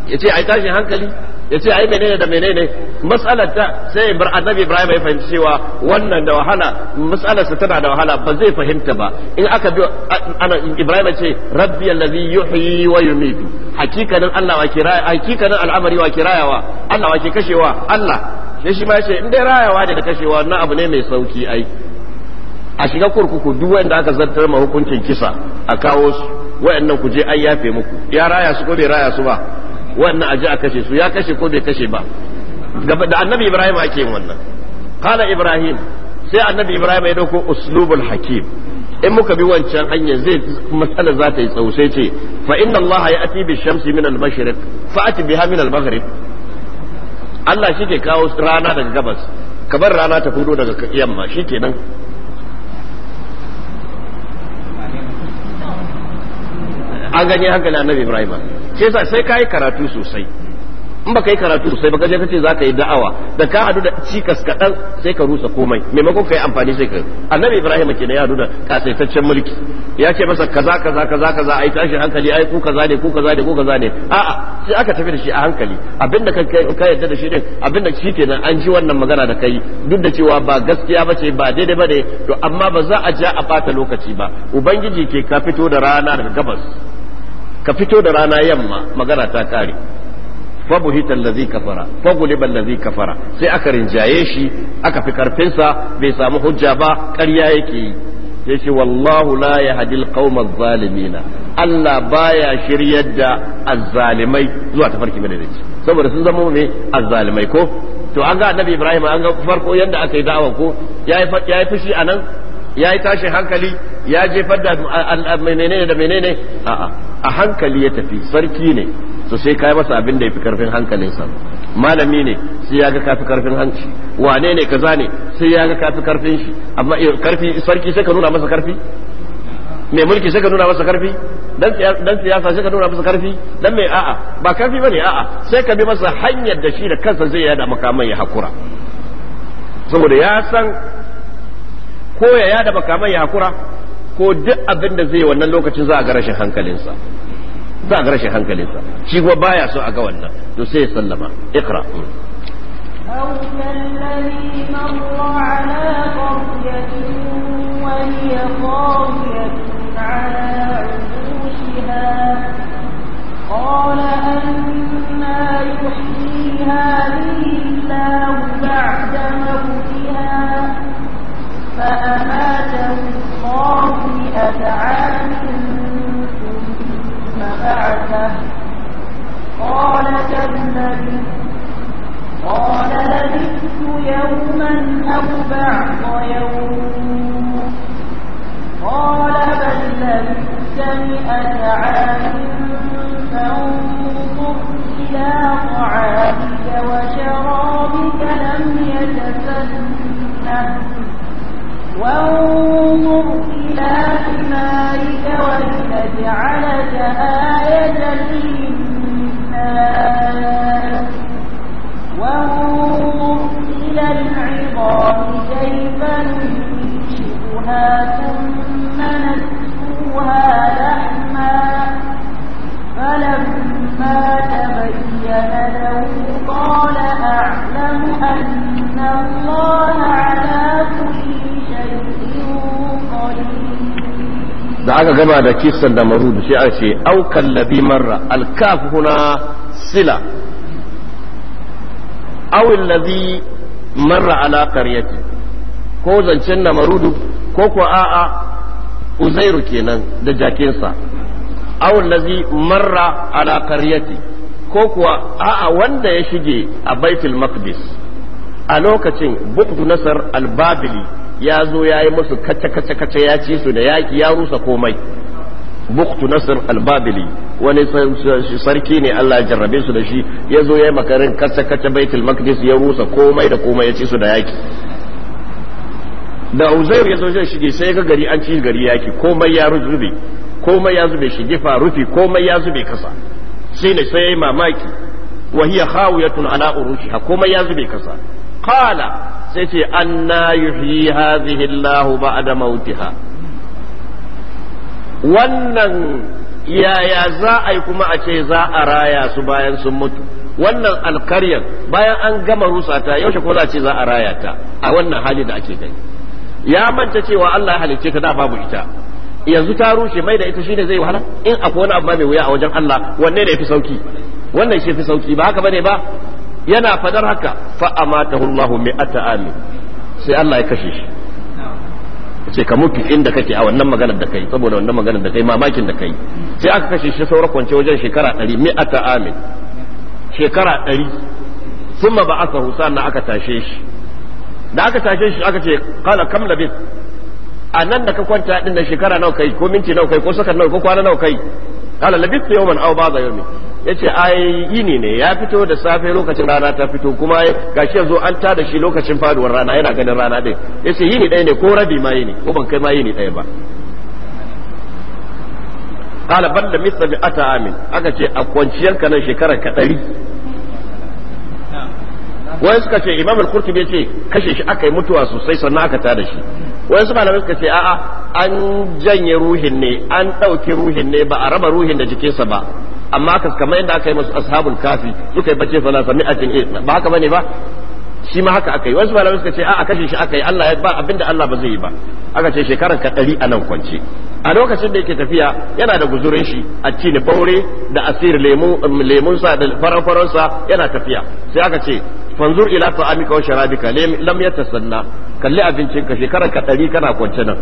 ya ce ai tashi hankali ya ce ai menene da menene matsalar ta sai annabi ibrahim ya fahimci cewa wannan da wahala matsalar sa tana da wahala ba zai fahimta ba in aka bi ibrahim ya ce rabbi allazi yuhyi wa yumitu hakikanin Allah wa kiraya hakikanin al'amari wa kirayawa Allah wa ke kashewa Allah sai shi ma ya ce in dai rayawa da kashewa wannan abu ne mai sauki ai a shiga kurkuku duk wanda aka zartar ma hukuncin kisa a kawo su wayannan ku je an yafe muku ya raya su ko bai raya su ba wannan aje a kashe su ya kashe ko bai kashe ba da annabi ibrahim ake yin wannan qala ibrahim sai annabi ibrahim ya dauko uslubul hakim in muka bi wancan hanyar zai matsala za ta yi tsausai sai ce fa inna allaha ya'ti bi shamsi min al mashriq fa ati biha min al maghrib Allah shi ke kawo rana daga gabas kamar rana ta fudo daga yamma shi kenan an gani haka na annabi ibrahim sai sa sai kai karatu sosai in baka yi karatu sosai baka kaje kace zaka yi da'awa da ka adu da cikas kadan sai ka rusa komai maimakon kai amfani sai ka annabi ibrahim ke ne ya adu da kasaitaccen mulki ya ce masa kaza kaza kaza kaza ai tashi hankali ai ku kaza ne ku kaza ne ku kaza ne a'a sai aka tafi da shi a hankali abinda ka ka yadda da shi din abinda shi kenan an ji wannan magana da kai duk da cewa ba gaskiya ce ba daidai ba ne to amma ba za a ja a fata lokaci ba ubangiji ke ka fito da rana daga gabas ka fito da rana yamma magana ta kare fabuhita allazi kafara faguliba allazi kafara sai aka rinjaye shi aka fi karfinsa bai samu hujja ba ƙarya yake yi sai ce wallahu la hadil qaumal zalimina Allah baya shiryar da azzalimai zuwa tafarki madadaci saboda sun zama me azzalimai ko to an ga annabi Ibrahim an ga farko yanda aka yi da'awa ko yayi yayi fushi anan ya yi tashin hankali ya jefar da menene da menene a'a a hankali ya tafi sarki ne to sai kai masa abin da ya fi karfin hankalinsa malami ne sai ya ga fi karfin hanci wane ne kaza ne sai ya ga fi karfin shi amma eh, karfi sarki sai ka nuna masa karfi mai mulki sai ka nuna masa karfi dan siyasa sai ka nuna masa karfi dan mai a'a ba karfi bane a'a sai ka bi masa hanyar da shi da kansa zai yada makaman ya hakura saboda ya san ko ya yada makamai ya hakura ko duk abin da zai wannan lokacin za a ga rashin hankalinsa za a ga rashin hankalinsa shi kuma baya so a ga wannan to sai ya sallama ikra قال أنا يحيي هذه الله بعد موتها فأماته الله مئة عام ثم بعثه قال كالنبي قال لبثت يوما أو بعض يوم قال بل لبثت مئة عام فانظر إلى طعامك وشرابك لم يتسنه وانظر إلى حمارك ولنجعلك آية للناس وانظر إلى العظام كيف ننشئها ثم نسوها لحما فلما تبين له قال أعلم أن الله على كل da aka gama da kisan da marudu shi a ce au kallabi marra alkaf huna sila au allazi marra ala qaryati ko zancen na marudu ko ko a'a uzairu kenan da jakinsa au allazi marra ala qaryati ko kuwa a'a wanda ya shige a baitul maqdis a lokacin bukdu nasar al ya zo ya yi musu kace kace kace ya ci su da yaki ya rusa komai buktu nasir albabili wani sarki ne Allah jarrabe su da shi ya zo ya yi makarin kace kace baitul maqdis ya rusa komai da komai ya ci su da yaki da uzair ya zo zai shige sai ga gari an ci gari yaki komai ya ruzube komai ya zube shigifa rufi komai ya zube kasa sai ne sai ya yi mamaki wa hiya khawiyatun ala urushiha komai ya zube kasa qala sai ce anna yuhyi hadhihi Allahu ba'da mautiha wannan yaya za a yi kuma a ce za a raya su bayan sun mutu wannan alkaryar bayan an gama rusata yaushe ko za a ce za a raya ta a wannan hali da ake gani ya manta cewa Allah halicce ta da babu ita yanzu ta rushe mai da ita shine zai wahala in akwai wani abu mai wuya a wajen Allah wanne ne fi sauki wannan shi fi sauki ba haka bane ba yana fadar haka fa amatahu Allahu mi'ata amin sai Allah ya kashe shi ce ka muki inda kake a wannan maganar da kai saboda wannan maganar da kai mamakin da kai sai aka kashe shi saura kwance wajen shekara ɗari mi'ata amin shekara ɗari sun ba aka husa na aka tashe shi da aka tashe shi aka ce kala kam labis a nan da ka kwanta ɗin da shekara nawa kai ko minti nawa kai ko sakan nawa ko kwana nawa kai kala labistu yawman aw ba'da yawmi yace ai yini ne ya fito da safe lokacin rana ta fito kuma gashi yanzu an tada shi lokacin faduwar rana yana ganin rana din yace yini ɗaya ne ko rabi ma yini ko ban kai ma yini daya ba kala ban misa bi ata amin aka ce a kwanciyarka nan shekara ka dari wani suka ce imam al-qurtubi ya ce kashe shi aka yi mutuwa sosai sannan aka tada shi wani malamin suka ce a'a an janye ruhin ne an ɗauki ruhin ne ba a raba ruhin da jikinsa ba amma kamar yadda aka yi masu ashabul kafi suka yi bace sana sami ajin eh ba haka bane ba shi ma haka aka yi wasu malamai suka ce a kashe shi aka yi Allah ya ba abinda Allah ba zai yi ba aka ce shekarar ka ɗari a nan kwance a lokacin da yake tafiya yana da guzurin shi a ci baure da asir um, lemun sa da faran sa yana tafiya sai aka ce fanzur ila amika wa sharabika lam yatasanna kalli abincinka shekarar ka ɗari kana kwance nan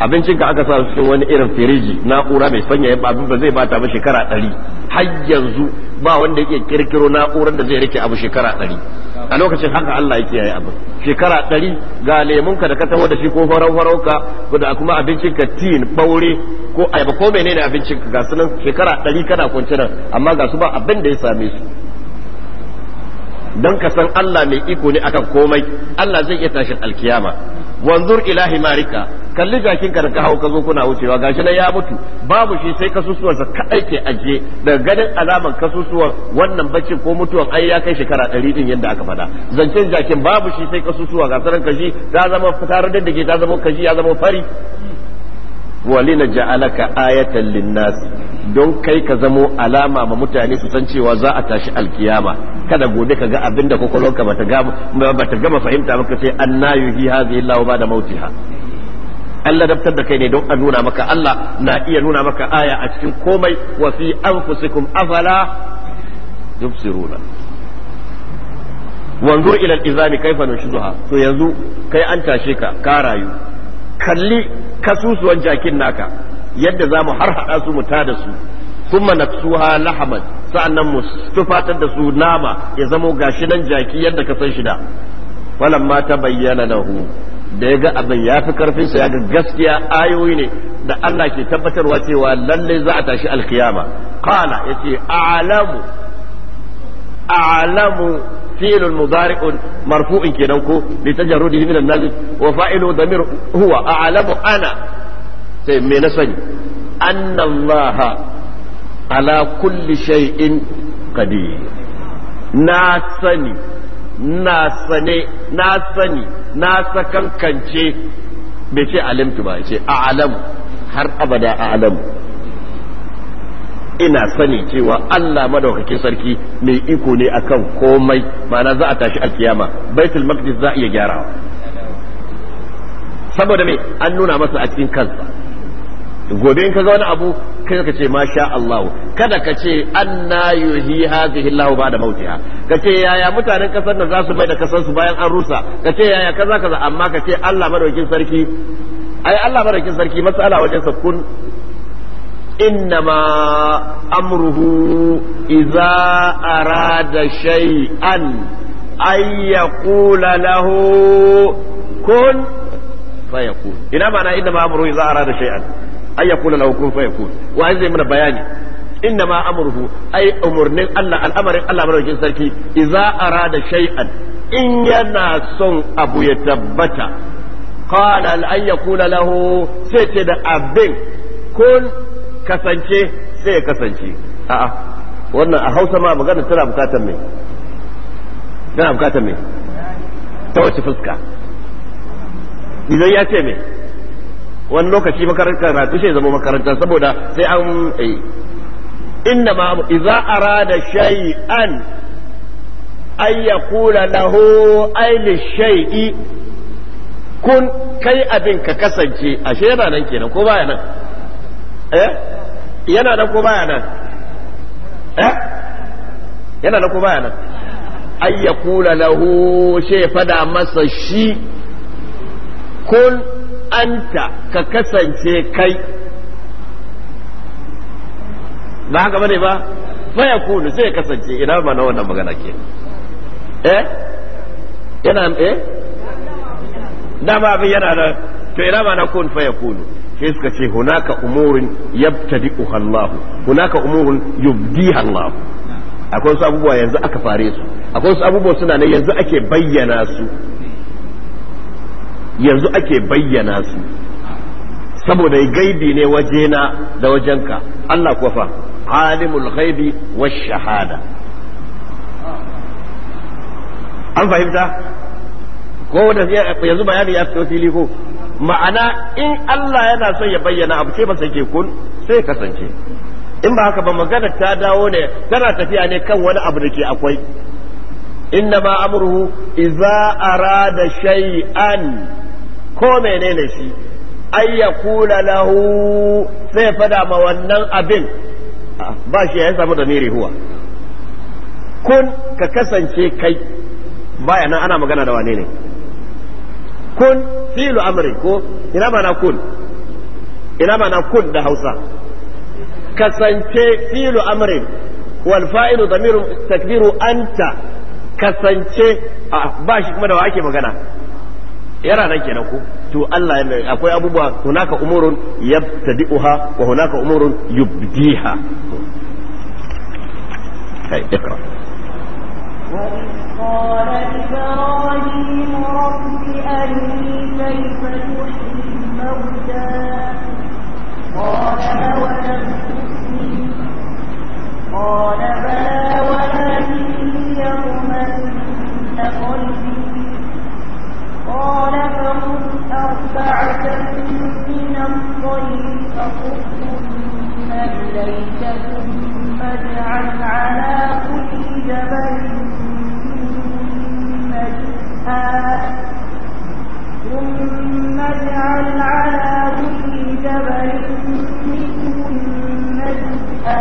abincinka aka sa cikin wani irin firiji na'ura mai sanya abin ba zai bata ba shekara ɗari har yanzu ba wanda yake kirkiro na'urar da zai rike abu shekara ɗari a lokacin haka Allah ya yayi abin shekara ɗari ga lemunka da ka taho da shi ko farau farauka da kuma abincinka tin ɓaure ko ayaba ko menene abincinka ga sunan shekara ɗari kana kwance nan amma ga su ba abin da ya same su don ka san Allah mai iko ne akan komai Allah zai iya tashin alkiyama wanzur ilahi marika. kalli jakin ka da ka hau ka zo kuna wucewa gashi na ya mutu babu shi sai kasusuwarsa kadai ke ajiye daga ganin alaman kasusuwar wannan baccin ko mutuwan ai ya kai shekara ɗari din yadda aka faɗa zancen jakin babu shi sai kasusuwa ga sanan kashi ta zama fitarar da ke ta zama kashi ya zama fari walina ja'alaka ayatan linnasi don kai ka zamo alama ma mutane su san cewa za a tashi alkiyama kada gobe ka ga abinda kwakwalwarka bata gama bata gama fahimta maka sai an anna yuhi hadhihi lawo ba da mautiha Allah ladabtar da kai ne don a nuna maka Allah na iya nuna maka aya a cikin komai wa fi anfusikum afala yubsiruna wanzur ila al-izami kaifa nushuha to yanzu kai an tashe ka ka rayu kalli kasusuwan jakin naka yadda za mu har haɗa su mu da su kuma naksuha lahaman nan mu tufatar da su nama ya zamo gashi nan jaki yadda ka san shi da falamma ta bayyana hu da ya ga abin ya fi karfinsa ya ga gaskiya ayoyi ne da Allah ke tabbatarwa cewa lalle za a tashi alkiyama qala yace a'lamu a'lamu fi'lun mudari'un marfu'in kenan ko li tajarrudihi min wa fa'ilu damir huwa a'lamu ana sai eh, me na sani annallaha ala kulli shay'in qadir na sani na sane na sani na sakankance bai ce alimtu ba ce a'lam har abada a'lam ina sani cewa Allah madaukake sarki mai iko ne akan komai ma'ana za a tashi alkiyama baitul maqdis za a iya gyarawa saboda me an nuna masa a cikin kansa gobe in kaga wani abu kai ka ce masha Allah kada ka ce anna yuhi hadhihi Allah ba'da mautiha ka ce yaya mutanen kasar nan za su bai da kasar su bayan an rusa ka ce yaya kaza kaza amma ka ce Allah madaukin sarki ai Allah madaukin sarki masala wajen sa kun إنما أمره إذا أراد شيئا أن kun له كن فيكون إنما أنا إنما أمره idza arada shay'an ya kula lahu kun fayakun wa zai mana bayani inna ma amruhu ay umurnin Allah al'amarin Allah madaukakin sarki idza arada shay'an in yana son abu ya tabbata qala al an yakuna lahu sai ce da abin kun kasance sai ya kasance a'a wannan a Hausa ma magana tana bukatar me tana bukatar me ta wace fuska idan ya ce me wani lokaci makarantar na tushe zama makaranta saboda sai an eh, inda ma idza da shayi an na ho aili shay'i kun kai abin ka kasance ashe yana nan kenan ko baya nan eh yana nan ko baya nan eh yana nan ko baya nan ay yaqula ho shay fada masa shi kun anta ka kasance kai ba haka bane ba faya kunu sai kasance ina ba na wannan magana ke eh yana eh dama abin yana da to ina ba na kun faya kunu sai suka ce hunaka umurin yabtadi'u Allah hunaka umurun yubdiha Allah akwai wasu abubuwa yanzu aka fare su akwai wasu abubuwa suna ne yanzu ake bayyana su yanzu ake bayyana su saboda gaibi ne wajena da wajenka Allah kuwa fa alimul ghaibi wash shahada an fahimta ko da yanzu bayani ya fito fili ko ma'ana in Allah yana son ya bayyana abu ce sai ke kun sai kasance in ba haka ba magana ta dawo ne tana tafiya ne kan wani abu da ke akwai inna ma amruhu idza arada shay'an ko menene shi ai ya kula lahu sai fada ma wannan abin ba shi ya samu da miri huwa kun ka kasance kai baya nan ana magana da wane ne kun filu amri ko ina mana kun ina mana kun da hausa kasance filu amrin wal fa'ilu damiru takbiru anta kasance ba shi kuma da wa ake magana yana nan kenan ko to Allah akwai abubuwa hunaka umurun yabtadi'uha wa hunaka umurun yubdiha kai ikra قال إبراهيم رب أرني كيف تحيي الموتى قال أولم تؤمن قال بلى ولكن ليطمئن قال فخذ أربعة من الطير فخذهن إليك ثم اجعل على كل جبل منهن جزءا ثم اجعل على كل جبل منهن جزءا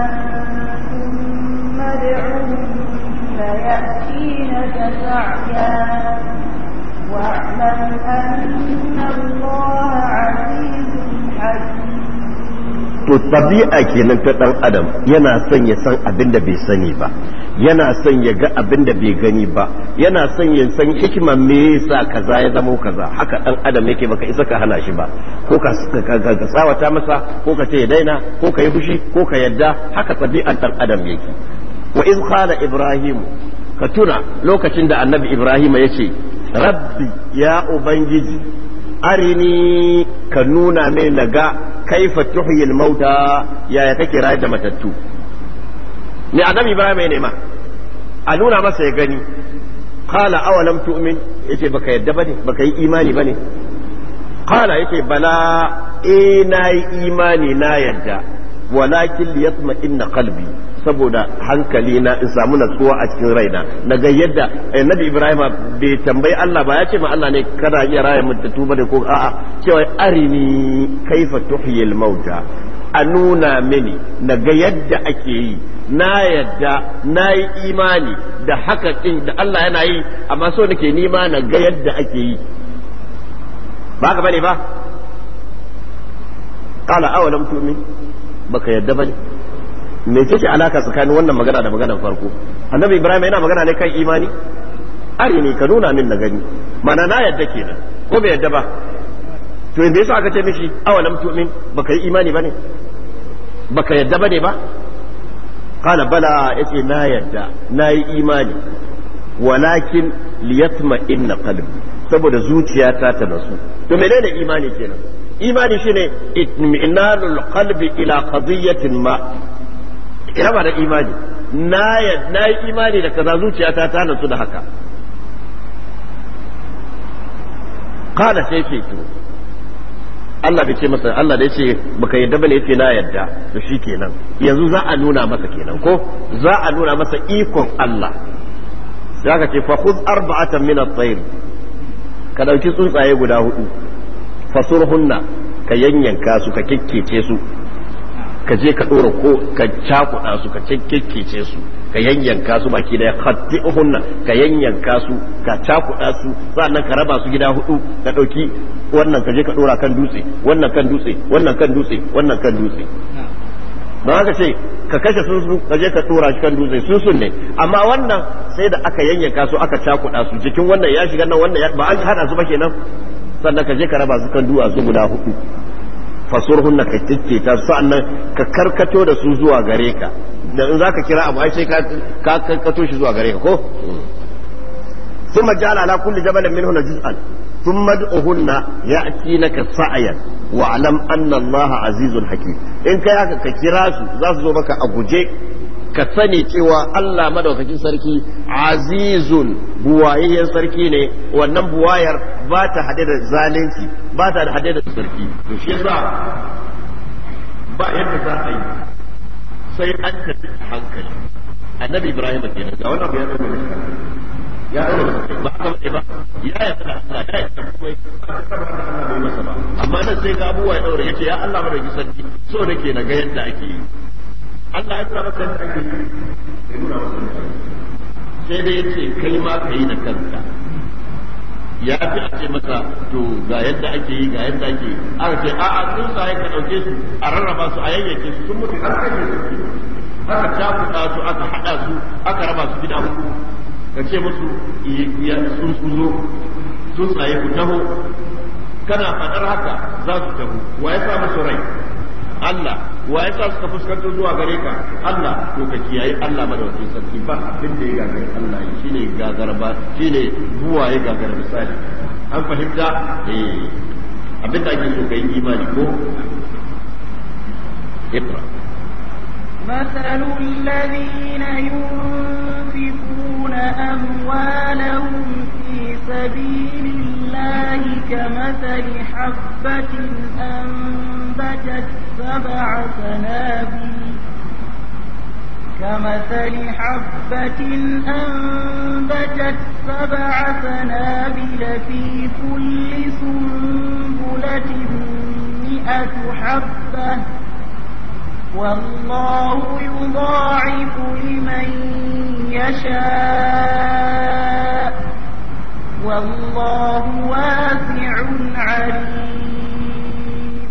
ثم ادعهن يأتينك سعيا to tabi'a kenan ta ɗan adam yana son ya san abin da bai sani ba yana son ya ga abin da bai gani ba yana son ya san hikima me yasa kaza ya zama kaza haka ɗan adam yake baka isa ka hana shi ba ko ka ka tsawata masa ko ka ce ya daina ko ka yi fushi ko ka yadda haka tabi'a ɗan adam yake wa iz qala ibrahim ka tuna lokacin da annabi ibrahim ya ce rabbi ya ubangiji arini ka nuna mai naga kaifa tuhyil mauta yaya kake rayar da matattu Ni annabi ibrahim ya nema a nuna masa ya gani qala awalam tu'min yace baka yadda bane baka yi imani bane qala yace bala eh yi imani na yadda walakin liyatma inna qalbi saboda hankali na in samu natsuwa a cikin raina na ga yadda annabi eh, ibrahim bai tambayi Allah ba ya ce ma Allah ne kada iya raya tuba da ko a'a cewa arini kaifa tuhyil mauta a nuna mini na ga yadda ake yi na yadda na yi imani da haka ɗin da Allah yana yi amma so nake nima na ga yadda ake yi ba ka bane ba qala awalam tumi baka yadda bane me ce alaka tsakanin wannan magana da maganar farko annabi ibrahim yana magana ne kan imani are ne ka nuna min na gani mana na yadda kenan ko bai yadda ba to me yasa aka ce mishi awa lam tu'min baka yi imani bane baka yadda bane ba qala bala yace na yadda na yi imani walakin liyatma inna qalbi saboda zuciyata ta nasu to menene imani kenan imani shine itminanul qalbi ila qadiyatin ma ya ba da imani na yi imani da kaza zuciyata ta su da haka kana sai ce to Allah da ce masa Allah da ya ce baka yadda bane yace na yadda to kenan yanzu za a nuna masa kenan ko za a nuna masa ikon Allah sai aka ce fa khudh arba'atan min at-tayr ka dauki tsuntsaye guda hudu fasurhunna ka yanyanka su ka kikkece su ka je ka ɗora ko ka cakuɗa su ka kekkece su ka yanyanka su baki daya khatti uhunna ka yanyanka su ka cakuɗa su sannan ka raba su gida hudu ka ɗauki wannan ka je ka ɗora kan dutse wannan kan dutse wannan kan dutse wannan kan dutse ba haka ce ka kashe su ka je ka dora shi kan dutse sunsun ne amma wannan sai da aka yanyanka su aka cakuɗa su jikin wannan ya shiga nan wannan ba an hada su ba kenan sannan ka je ka raba su kan duwatsu guda hudu fasurhunna ka tittita ka karkato da su zuwa gare ka da in zaka kira abu ai sai ka ka karkato shi zuwa gare ka ko thumma ja'ala ala kulli jabalin minhunna juz'an thumma ad'uhunna ya'tinaka sa'yan wa'lam anna allaha azizun hakim in kai ka kira su za su zo maka a guje ka sani cewa Allah madaukakin sarki azizun buwayayyen sarki ne wannan buwayar ba ta hade da zalunci ba ta hade da sarki to shi yasa ba yadda za a yi sai an tafi hankali annabi ibrahim kenan ga wannan bayanin da ya ba ka bane ba ya ya tsada Allah ya ya kuma ba ka da Allah bai masa ba amma nan sai ga abubuwa ya daure yace ya Allah madaukakin sarki so nake na ga yadda ake yi Allah ya da ake sai dai yace kai ma ka yi da kanka ya fi a ce masa to ga yadda ake yi ga yadda ake yi ce a a sun sa ka dauke su a rarraba su a yayyake su sun mutu har kan yi aka cakuta su aka haɗa su aka raba su gida uku ka ce musu sun su zo sun tsaye ku taho kana faɗar haka za su taho wa ya sa musu rai Allah wa ya sa suka fuskantar zuwa gare ka Allah to ka kiyaye Allah madawacin sarki ba abin da ya gagara Allah yi shine gagara ba shine buwa ya gagara misali an fahimta eh abin da ake so kai imani ko اقرأ مثل الذين ينفقون أموالهم سبيل الله كمثل حبة أنبتت سبع سنابل كمثل حبة أنبتت سبع سنابل في كل سنبلة مئة حبة والله يضاعف لمن يشاء والله واسع عليم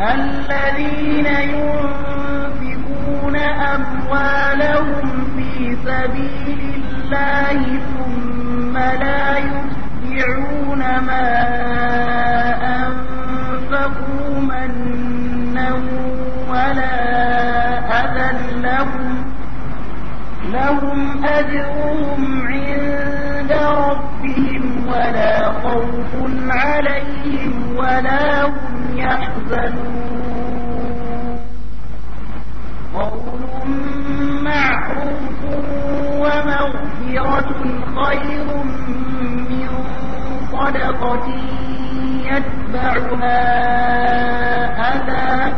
الذين ينفقون أموالهم في سبيل الله ثم لا يتبعون ما أنفقوا منا ولا أذى لهم لهم أجرهم عند ربهم ولا خوف عليهم ولا هم يحزنون قول معروف ومغفرة خير من صدقة يتبعها أذى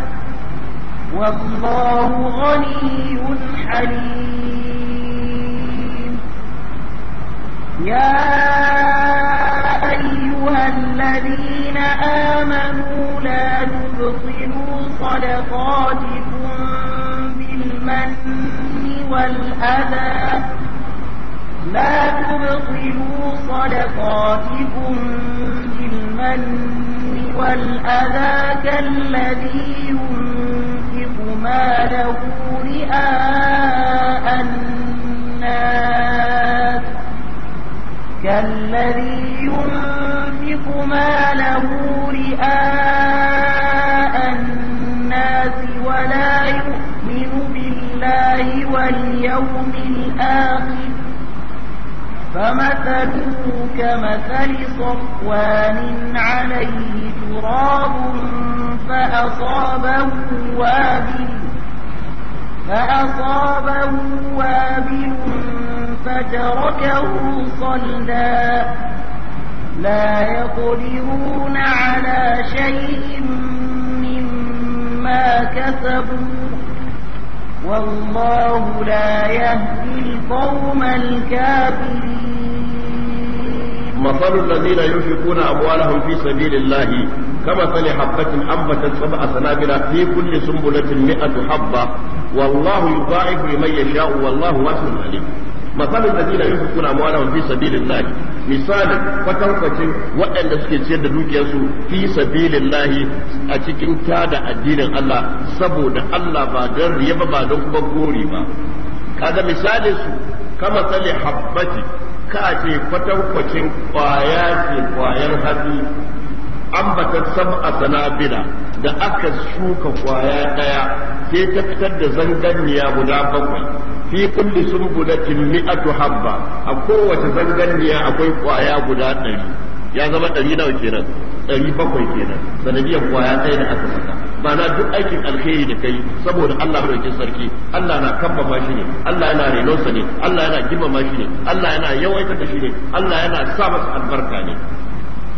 والله غني حليم يا أيها الذين آمنوا لا تبطلوا صدقاتكم بالمن والأذى لا تبطلوا صدقاتكم بالمن والأذى كالذي ينفق ماله رئاء الناس كالذي ينفق ماله رئاء الناس ولا يؤمن بالله واليوم الآخر فمثله كمثل صفوان عليه تراب فأصابه وابل فأصابه وابل فتركه صلدا لا يقدرون على شيء مما كسبوا والله لا يهدي القوم الكافرين مثل الذين ينفقون أموالهم في سبيل الله كمثل حبة أنبتت سبع سنابل في كل سنبلة مئة حبة والله يضاعف لمن يشاء والله واسع عليم مثل الذين ينفقون أموالهم في سبيل الله مثال فتنقتل وأن سكتير دوكيسو في سبيل الله أتكن كاد الدين الله سبود الله بادر يبقى دوك بقوري ما هذا مثال كمثل حبة kace kwatankwacin kwaya ce kwayar hatsi ambata sab'a sanabila da aka shuka kwaya daya sai ta fitar da zanganniya guda bakwai fi kulli sunbulatin mi'atu habba a kowace zanganniya akwai kwaya guda ɗari ya zama ɗari nawa kenan ɗari bakwai kenan sanadiyar kwaya ɗaya da aka saka ba na duk aikin alheri da kai saboda Allah madaukin sarki Allah na kambama shi ne Allah yana renonsa ne Allah yana girmama shi ne Allah yana yawaita shi ne Allah yana sa masa albarka ne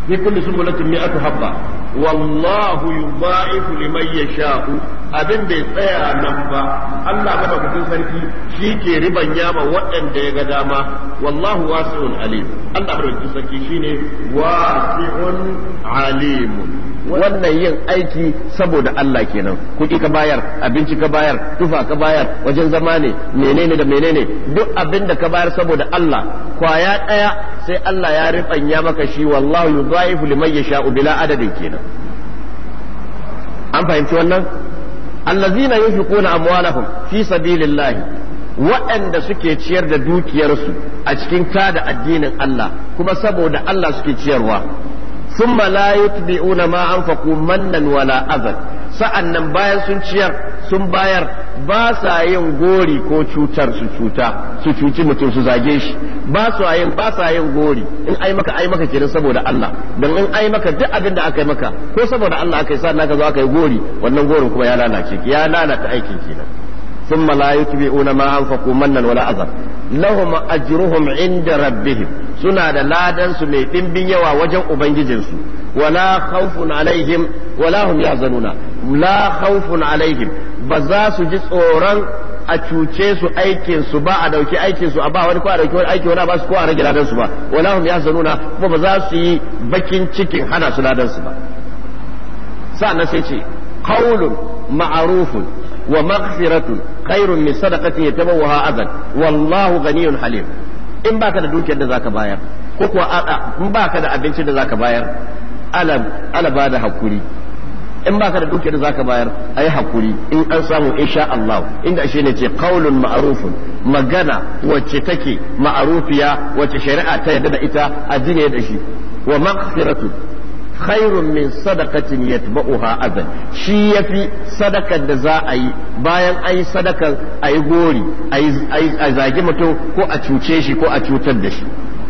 fi kulli sunbulatin mi'atu habba wallahu yudha'ifu abin bai tsaya nan ba Allah madaukakin sarki shi ke riban yama waɗanda ya ga dama wallahu wasi'un alim Allah madaukakin sarki shine wasi'un alim wannan yin aiki saboda Allah kenan kuɗi ka bayar abinci ka bayar tufa ka bayar wajen zama ne menene da menene duk abin da ka bayar saboda Allah kwaya ɗaya sai Allah ya ribanya maka shi wallahu yudhaifu liman yasha'u bila adadin kenan an fahimci wannan allazina yunfiquna amwalahum fi sabilillahi waɗanda suke ciyar da dukiyarsu a cikin kada addinin Allah kuma saboda Allah suke ciyarwa ثم ma يتبعون ما أنفقوا منا wala أذى sa'an nan bayan sun ciyar sun bayar ba sa yin gori ko cutar su cuta su cuci mutum su zage shi ba sa yin ba sa yin gori in ai maka ai maka kirin saboda Allah dan in ai maka duk abin da aka yi maka ko saboda Allah aka yi sa naka zo aka gori wannan gorin kuma ya lalace ki ya lalata aikin ki nan sun malayuki bi una ma an faku mannan wala azab lahum ajruhum inda rabbihim suna da ladan su mai dimbin yawa wajen ubangijinsu wala khawfun alaihim wala hum yahzanuna la khawfun alaihim ba za su ji tsoron a cuce su aikin su ba a dauki aikin su a ba wani ko a dauki wani aiki wani ba su ko a rage ladan su ba wala hum yahzanuna kuma ba za su yi bakin cikin hana su ladan su ba sa'an sai ce qaulun ma'rufun wa maghfiratun khairun min sadaqatin yatabawwaha adan wallahu ganiyun halim in baka da dukiyar da zaka bayar ko kuwa a'a in baka da abincin da zaka bayar ala ala bada hakuri in baka da dukiyar zaka bayar ayi hakuri in an samu insha Allah inda shi ne ce qaulun ma'rufun magana wacce take ma'rufiya wacce shari'a ta yarda da ita addini da shi wa maghfiratu khairun min sadaqatin yatba'uha adan shi yafi sadakar da za a yi bayan a yi sadakar a yi gori a zagi mutum ko a cuce shi ko a cutar da shi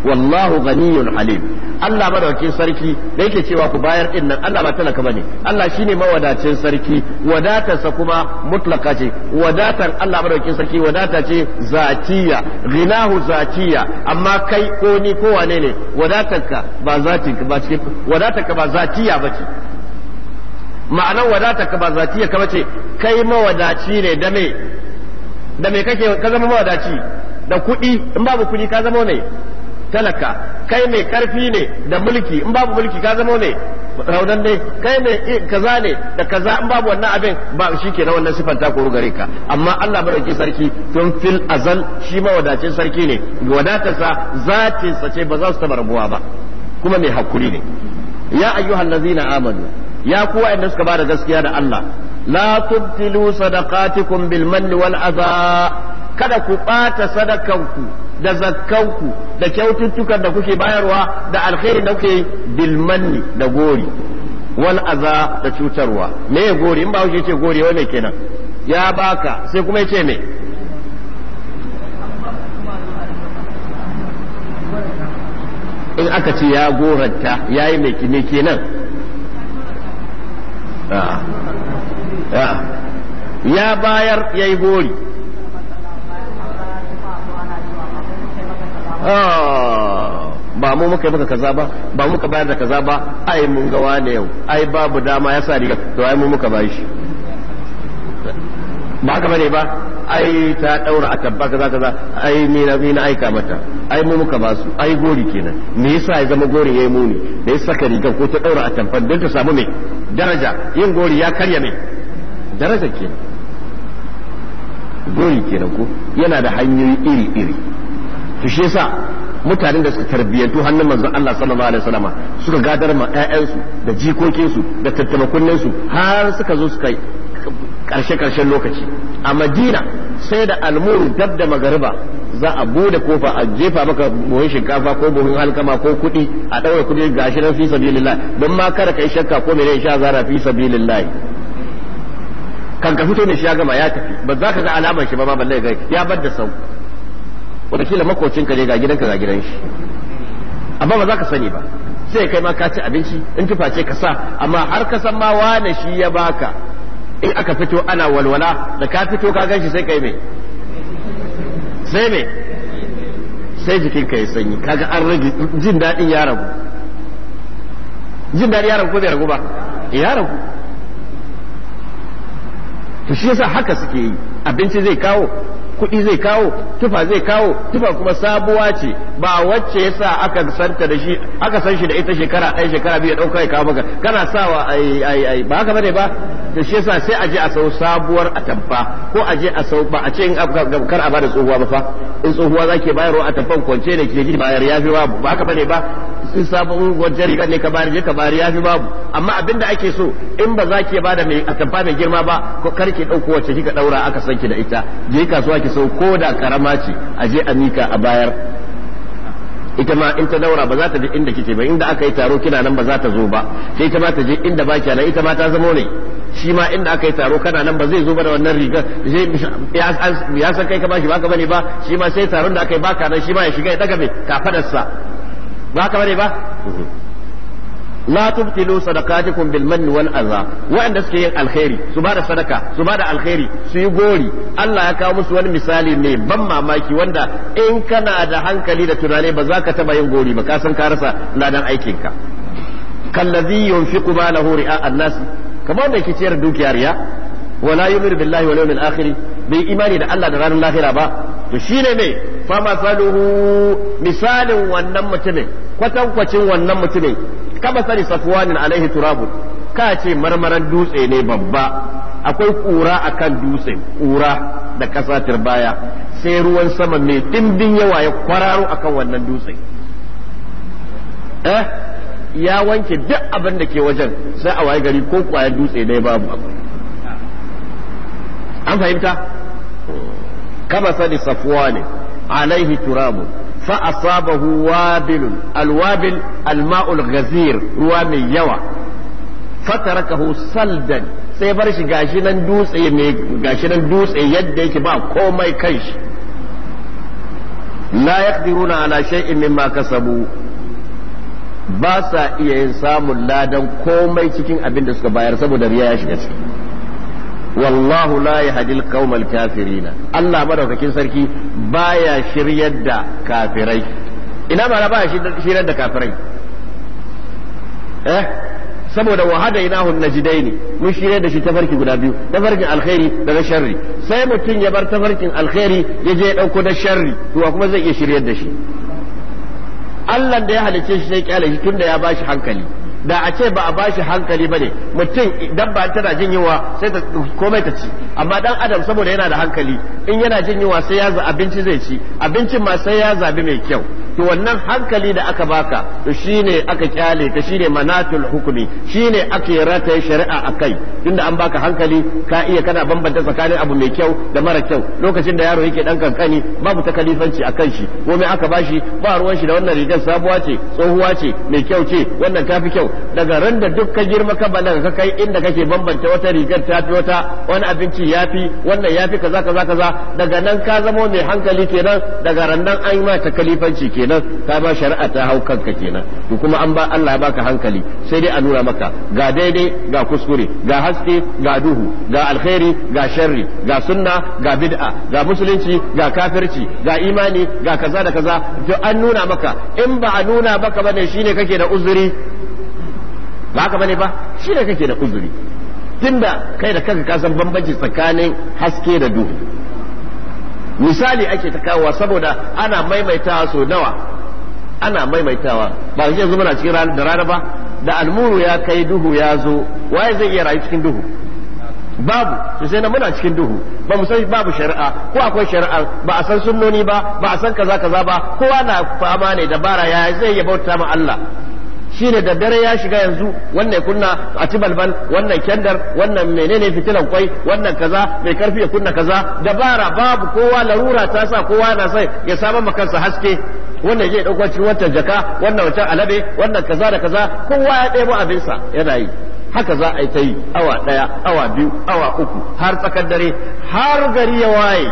wallahu ghaniyyun halim Allah madaukakin sarki da yake cewa ku bayar din nan Allah ba talaka bane Allah shine mawadacin sarki wadatarsa kuma mutlaka ce wadatar Allah madaukakin sarki wadata zatiya ginahu zatiya amma kai ko ni ko wane ne wadatarka ba zatin ba cikin ba zatiya ba zatiya ka bace kai mawadaci ne da me da me kake ka zama mawadaci da kuɗi in babu kuɗi ka zama ne talaka kai mai karfi ne da mulki in babu mulki ka zama ne raunan ne kai mai kaza ne da kaza in babu wannan abin ba shi ke na wannan sifan ta koru ka amma Allah madauki sarki tun fil azal shi mawadacin sarki ne wadatarsa zatinsa ce ba za su taba rabuwa ba kuma mai hakuri ne ya ayyuhal ladzina amanu ya kuwa inda suka bada gaskiya da Allah la tubtilu sadaqatikum bil manni wal adha kada ku bata sadakanku da zakkanku da kyaututtukan da kuke bayarwa da alkhairi da kuke bilmanni da gori wal aza da cutarwa me gori in ba shi ce gori wane kenan ya baka sai kuma yace me in aka ce ya goranta yayi mai kine kenan ah. Ah. ya bayar yayi gori Ah, ba mu muka yi maka kaza ba ba muka bayar da kaza ba ai mun ga wane yau ai babu dama ya sa riga to ai mu muka ba shi ba haka bane ba ai ta daura a tabba kaza kaza ai ni na na aika mata ai mu muka ba su ai gori kenan me yasa ya zama gori yayi muni da ya saka rigar ko ta daura a tamfan don ta samu me daraja yin gori ya karya me daraja kenan gori kenan ko yana da hanyoyi iri iri to shi yasa mutanen da suka tarbiyyantu hannun manzon Allah sallallahu alaihi wasallama suka gadar ma ƴaƴansu da jikokinsu da tattabakunnensu har suka zo suka karshe karshen lokaci a Madina sai da almuru dab da magariba za a bude kofa a jefa maka buhun shinkafa ko buhun alkama ko kuɗi a ɗaura kudi gashi nan fi sabilillah don ma kada kai shakka ko mene sha zara fi sabilillah kan ka fito ne shi ya gama ya tafi ba za ka ga alamar shi ba ma balle ga ya bar da sau kila makocin ka ne ga gidanka ga gidan shi amma ba za ka sani ba sai kai ma ka ci abinci in tufa ce ka sa amma har ka san ma wane shi ya baka in aka fito ana walwala da ka fito ka ganshi sai kai me sai me sai jikinka ya sanyi kaga an rage jin daɗin ya ragu jin daɗin ya ragu ko bai ragu ba eh, ya ragu to shi yasa haka suke yi abinci zai kawo kuɗi zai kawo tufa zai kawo tufa kuma sabuwa ce ba wacce yasa aka santa da shi aka san shi da ita shekara ɗaya shekara biyu ɗauka ya kawo maka kana sawa ai ai ai ba haka bane ba da shi yasa sai a je a sau sabuwar atamfa ko a je a sau ba a ce in kar a bada tsohuwa ba fa in tsohuwa zake bayarwa atamfan kwance ne ke ba yar yafi ba ba haka bane ba in sabon wajen riga ne ka bari je ka bari fi babu amma abinda ake so in ba za ki ba da mai atamfa mai girma ba ko kar ki dauko wacce kika daura aka sanki da ita je kasuwa ki so ko da karama ce a je a mika a bayar ita ma in ta daura ba za ta je inda kike ba inda aka yi taro kina nan ba za ta zo ba sai ita ma ta je inda ba nan ita ma ta zamo ne shi ma inda aka yi taro kana nan ba zai zo ba da wannan rigar ya san kai ka bashi ka bane ba shi ma sai taron da aka yi baka nan shi ma ya shiga ya daga mai kafadarsa ba haka bane ba mhm. la tubtilu sadaqatikum bil manni wal adha wa'anda suke yin alkhairi su bada sadaka su bada alkhairi su yi gori Allah ya kawo musu wani misali ne ban mamaki wanda in kana da hankali da tunani ba za ka taba yin gori ba ka san ka rasa ladan aikinka kallazi yunfiqu malahu ri'a an-nas kamar da kiciyar dukiyar ya wala yu'minu billahi wal yawmil akhir bai imani da Allah da ranar lahira ba to shine ne fa masaluhu misalin wannan mutumin kwatankwacin wannan mutumin kaba sani safwanin alaihi turabu ka ce marmaran dutse ne babba akwai kura akan dutse kura da kasatar baya sai ruwan sama mai dimbin yawa ya kwararo akan wannan dutse eh ya wanke duk abin da ke wajen sai a waye gari ko kwayar dutse ne babu an fahimta كبس لصفوان عليه تراب فأصابه وابل الوابل الماء الغزير روى من يوى فتركه صلدا sai bar shi gashi nan dutse mai gashi nan dutse yadda yake ba komai kan shi la yaqdiruna ala shay'in mimma kasabu ba sa iya yin samun ladan komai cikin abin da suka bayar saboda riya ya shiga ciki wallahu la yahdil qaumal kafirin Allah madaukakin sarki baya shiryar da kafirai ina ba baya shiryar da kafirai eh saboda wa ina inahun najidaini mun shirye da shi tafarki guda biyu tafarkin alkhairi da na sharri sai mutum ya bar tafarkin alkhairi ya je ya dauko da sharri to kuma zai iya shiryar da shi Allah da ya halicce shi sai kyale shi tunda ya bashi hankali da a ce ba a bashi hankali ba ne mutum dabba tana jin yunwa sai ta komai ta ci amma dan adam saboda yana da hankali in yana jin yunwa sai ya abinci zai ci abincin ma sai ya zabi mai kyau to wannan hankali da aka baka to shine aka kyale ka shine manatul hukumi shine ake rataye shari'a akai tunda an baka hankali ka iya kana bambanta tsakanin abu mai kyau da mara kyau lokacin da yaro yake dan kankani babu ta kalifanci akan shi ko mai aka bashi ba ruwan shi da wannan rigar sabuwa ce tsohuwa ce mai kyau ce wannan tafi kyau daga ran da duk ka girma ka balan ka kai inda kake bambanta wata rigar tafi wata wani abinci yafi wannan yafi kaza kaza kaza daga nan ka zama mai hankali kenan daga ran nan an yi ma ta kalifanci kenan ka ba shari'a ta hau kanka kenan to kuma an ba Allah ya baka hankali sai dai a nuna maka ga daidai ga kuskure ga haske ga duhu ga alkhairi ga sharri ga sunna ga bid'a ga musulunci ga kafirci ga imani ga kaza da kaza to an nuna maka in ba a nuna maka bane shine kake da uzuri ba haka bane ba shine kake da uzuri tunda kai da kanka ka san bambanci tsakanin haske da duhu misali ake ta kawowa saboda ana maimaitawa so nawa ana maimaitawa ba shi yanzu muna cikin ranar da rana ba da almuru ya kai duhu ya zo waye zai iya rayu cikin duhu babu su sai na muna cikin duhu ba mu san babu shari'a ko akwai shari'a ba a san sunnoni ba ba a san kaza kaza ba kowa na fama ne dabara ya zai ya bauta ma Allah shine da dare ya shiga yanzu wannan kunna a ci balbal wannan kyandar wannan menene fitilan kwai wannan kaza mai karfi ya kunna kaza dabara babu kowa larura ta sa kowa na sai ya samar makansa haske wannan zai dauko cikin wata jaka wannan wata alabe wannan kaza da kaza kowa ya ɗebo abinsa yana yi haka za a yi ta yi awa ɗaya awa biyu awa uku har tsakar dare har gari ya waye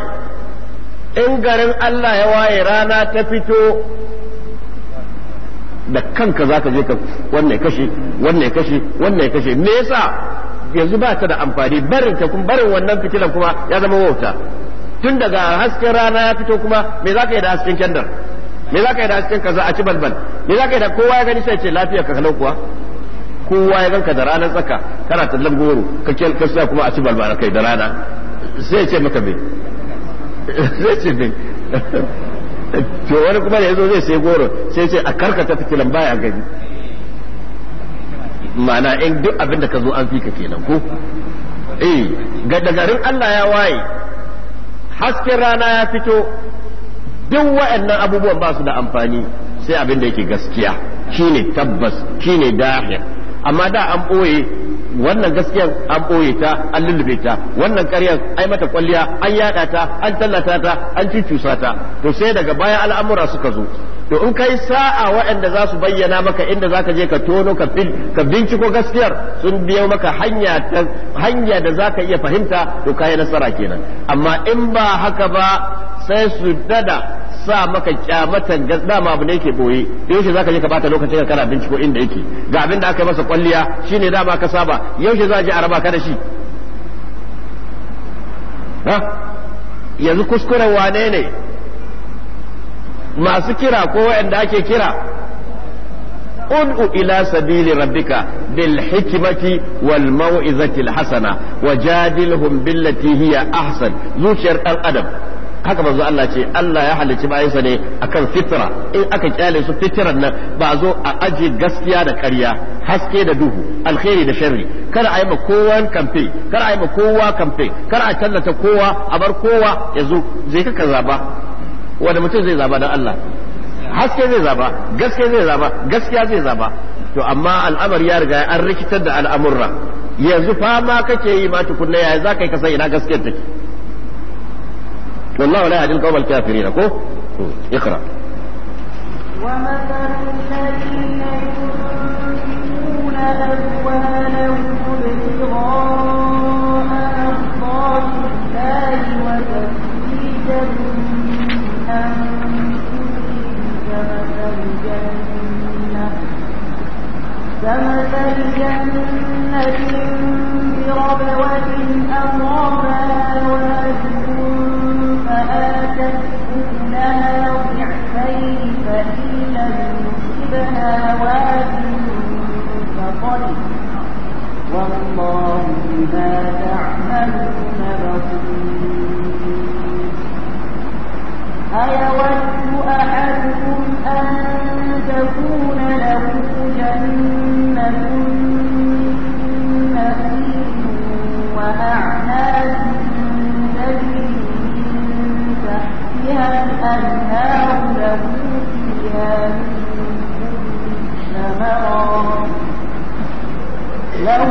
in garin Allah ya waye rana ta fito da kanka za ka je ka wannan kashe wannan kashe wannan kashe me yasa yanzu ba ta da amfani barin ta kuma barin wannan fitilan kuma ya zama wauta tun daga hasken rana ya fito kuma me za ka yi da hasken kyandar me za ka yi da hasken kaza a ci balbal me ka yi da kowa ya gani sai ce lafiya ka kalau kuwa kowa ya ganka da ranar tsaka kana tallan goro ka kyalkasa kuma a ci balbal kai da rana sai ce maka me sai ce me to wani kuma da yazo zai sai goro sai sai a karkata fitilan baya gani ma'ana in duk abin da ka zo an fi ka kenan ko eh ga garin Allah ya waye hasken rana ya fito duk wa'annan abubuwan ba su da amfani sai abin da yake gaskiya shine tabbas shine dahir amma da an ɓoye wannan gaskiyar an ɓoye ta an lullube ta wannan ƙaryar ai mata kwalliya an yaɗa ta an tallata ta an cucusa ta to sai daga baya al'amura suka zo to in kai sa'a waɗanda za su bayyana maka inda za ka je ka tono ka binciko gaskiyar sun biyo maka hanya da za ka iya fahimta to kayi nasara kenan amma in ba haka ba sai su dada sa maka kyamatan dama abu ne yake boye yaushe za ka je ka bata lokacin ka kana binciko inda yake ga abin da aka yi masa kwalliya shine dama ka saba yaushe za je a raba ka da shi yanzu kuskuren wane ne masu kira ko waɗanda ake kira ud'u ila sabili rabbika bil hikmati wal mau'izati al hasana wajadilhum billati hiya ahsan zuciyar dan adam haka manzo Allah ce Allah ya halicci bayansa ne akan fitra in aka kyale su fitran nan ba zo a aje gaskiya da ƙarya haske da duhu alkhairi da sharri kada a yi ma kowa kamfe kada a yi ma kowa kamfe kada a tallata kowa a bar kowa ya zo ka kaza ba wanda mutum zai zaba don Allah haske zai zaba gaske zai zaba gaskiya zai zaba to amma al'amari ya riga an rikitar da al'amurra yanzu fama kake yi ma tukunna yaya za ka yi kasa ina gaskiyar take والله لا يهدي القوم الكافرين كو اقرا ومثل الذين ينفقون اموالهم ابتغاء الجنة كمثل جنة بربوة أضربها وابل فآتت أكلها ضعفين فإن لم يصبها واد فطلب والله بما تعملون بصير أيود يكون له جنة من نخيل وأعناب تجري الأنهار له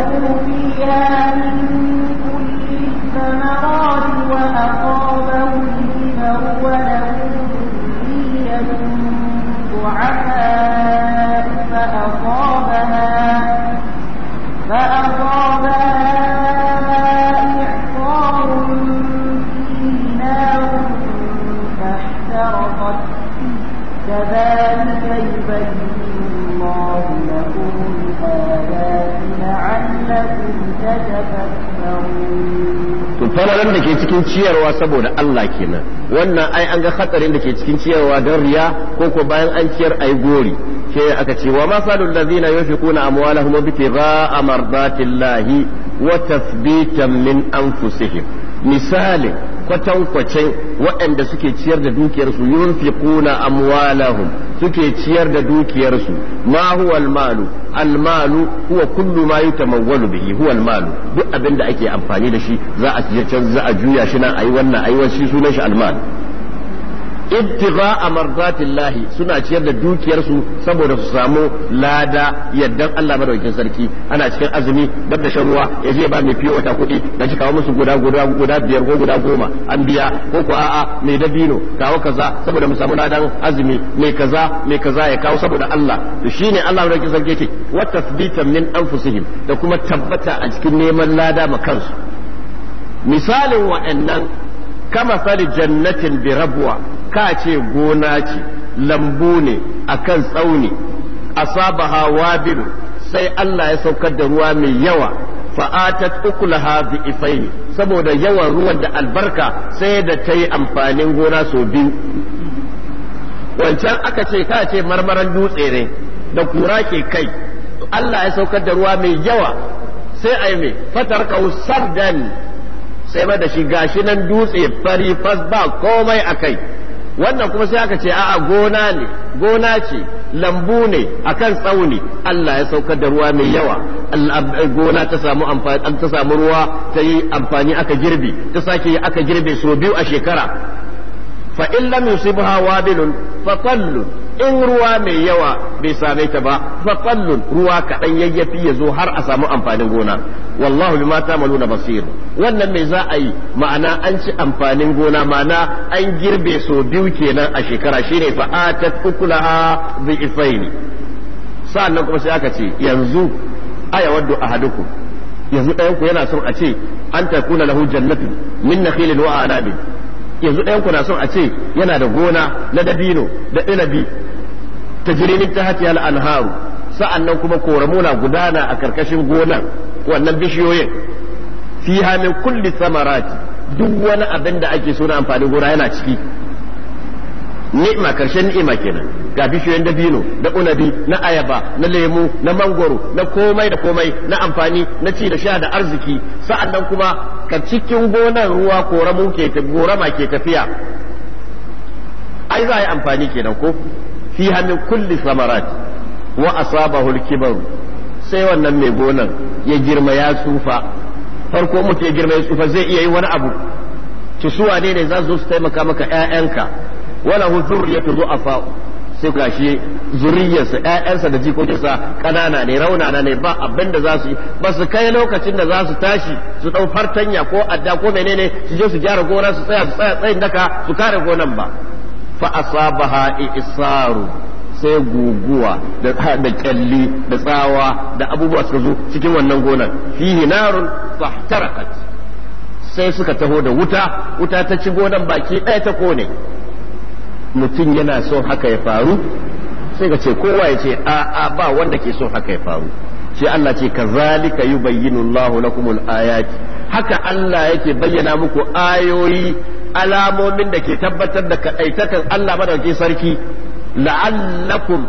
فيها من كل الثمرات وأصابه الكبر وله فأصابها فأصابها to falalan da ke cikin ciyarwa saboda Allah kenan wannan ai an ga hatsarin da ke cikin ciyarwa don riya ko ko bayan an ciyar ai gori ke aka ce wa masalul ladzina yunfiquna amwalahum ibtigha'a mardatillahi wa tathbitan min anfusihim misalin kwatankwacen waɗanda suke ciyar da dukiyarsu yunfiquna amwalahum suke ciyar da dukiyarsu ma huwa almalu almalu huwa kullu ma yutamawwalu bihi huwa almalu duk abin da ake amfani da shi za a za a juya shi nan ayi wannan ayi wannan shi sunan shi almalu ibtigha mardatillahi suna ciyar da dukiyarsu saboda su samu lada yaddan Allah madaukin sarki ana cikin azumi dab da shan ruwa ya je ba mai fiye wata kuɗi da ci kawo musu guda guda guda biyar ko guda goma an biya ko ku a'a mai dabino kawo kaza saboda mu samu ladan azumi mai kaza mai kaza ya kawo saboda Allah to shine Allah madaukin sarki yake wa tasbitan min anfusihim da kuma tabbata a cikin neman lada ma kansu misalin waɗannan kama fari jannatin bi rabuwa ka ce gona ce lambu ne a kan tsauni hawa biyu sai Allah ya saukar da ruwa mai yawa fa'atat ukulaha bi'ifaini saboda yawan ruwan da albarka sai da ta yi amfanin gona sau biyu wancan aka ce ka ce marmaran dutse ne da kura ke kai Allah ya saukar da ruwa mai yawa sai a yi mai fatar kausar dan sai ma da shi gashi nan dutse fari fas ba komai a kai wannan kuma sai aka ce a'a gona ne gona ce lambu ne akan tsauni Allah ya saukar da ruwa mai yawa eh, gona ta samu amfani ta samu ruwa ta yi amfani aka girbi ta sake yi aka girbe so biyu a shekara fa in yusibha wabilun fa in ruwa mai yawa bai same ta ba fatallun ruwa kaɗan yayyafi ya zo har a samu amfanin gona wallahu bima ta'maluna basir wannan mai za a yi ma'ana an ci amfanin gona ma'ana an girbe so biyu kenan a shekara shine atat ukulaha bi'ifaini sa'annan kuma sai aka ce yanzu aya waddu ahaduku yanzu ɗayan ku yana son a ce an takuna lahu jannatu min nakhilin wa anabin yanzu ɗayan ku na son a ce yana da gona na dabino da inabi tajri min tahtiha al-anharu sa'annan kuma koramu na gudana a karkashin gonan wannan bishiyoyin fiha min kulli samarati duk wani abin da ake so na amfanin gona yana ciki ni'ima karshen ni'ima kenan ga bishiyoyin dabino da unabi na ayaba na lemu na mangoro na komai da komai na amfani na ci da sha da arziki sa'annan kuma ka cikin gonan ruwa koramu ke gorama ke tafiya ai za a yi amfani kenan ko fiha min kulli samarat wa asabahu al sai wannan mai gonan ya girma ya tsufa farko mutu ya girma ya tsufa zai iya yi wani abu ci suwa ne ne za su su taimaka maka ƴaƴanka wala hu zurriyatu du'afa sai shi zuriyarsa ƴaƴansa da jikokinsa ƙanana ne raunana ne ba abin da za su yi ba su kai lokacin da za su tashi su ɗau fartanya ko adda ko menene su je su gyara gona su tsaya su tsaya tsayin daka su kare gonan ba fa asabaha isaru sai guguwa da da kyalli da tsawa da abubuwa suka zo cikin wannan gonar fihi narun fahtarakat sai suka taho da wuta wuta ta ci gonar baki ɗaya ta kone mutum yana son haka ya faru sai ka ce kowa ya ce a a ba wanda ke son haka ya faru sai Allah ce kazalika yubayyinu Allahu lakumul ayati haka Allah yake bayyana muku ayoyi alamomin da ke tabbatar da kaɗaitakan Allah madaukakin sarki la'allakum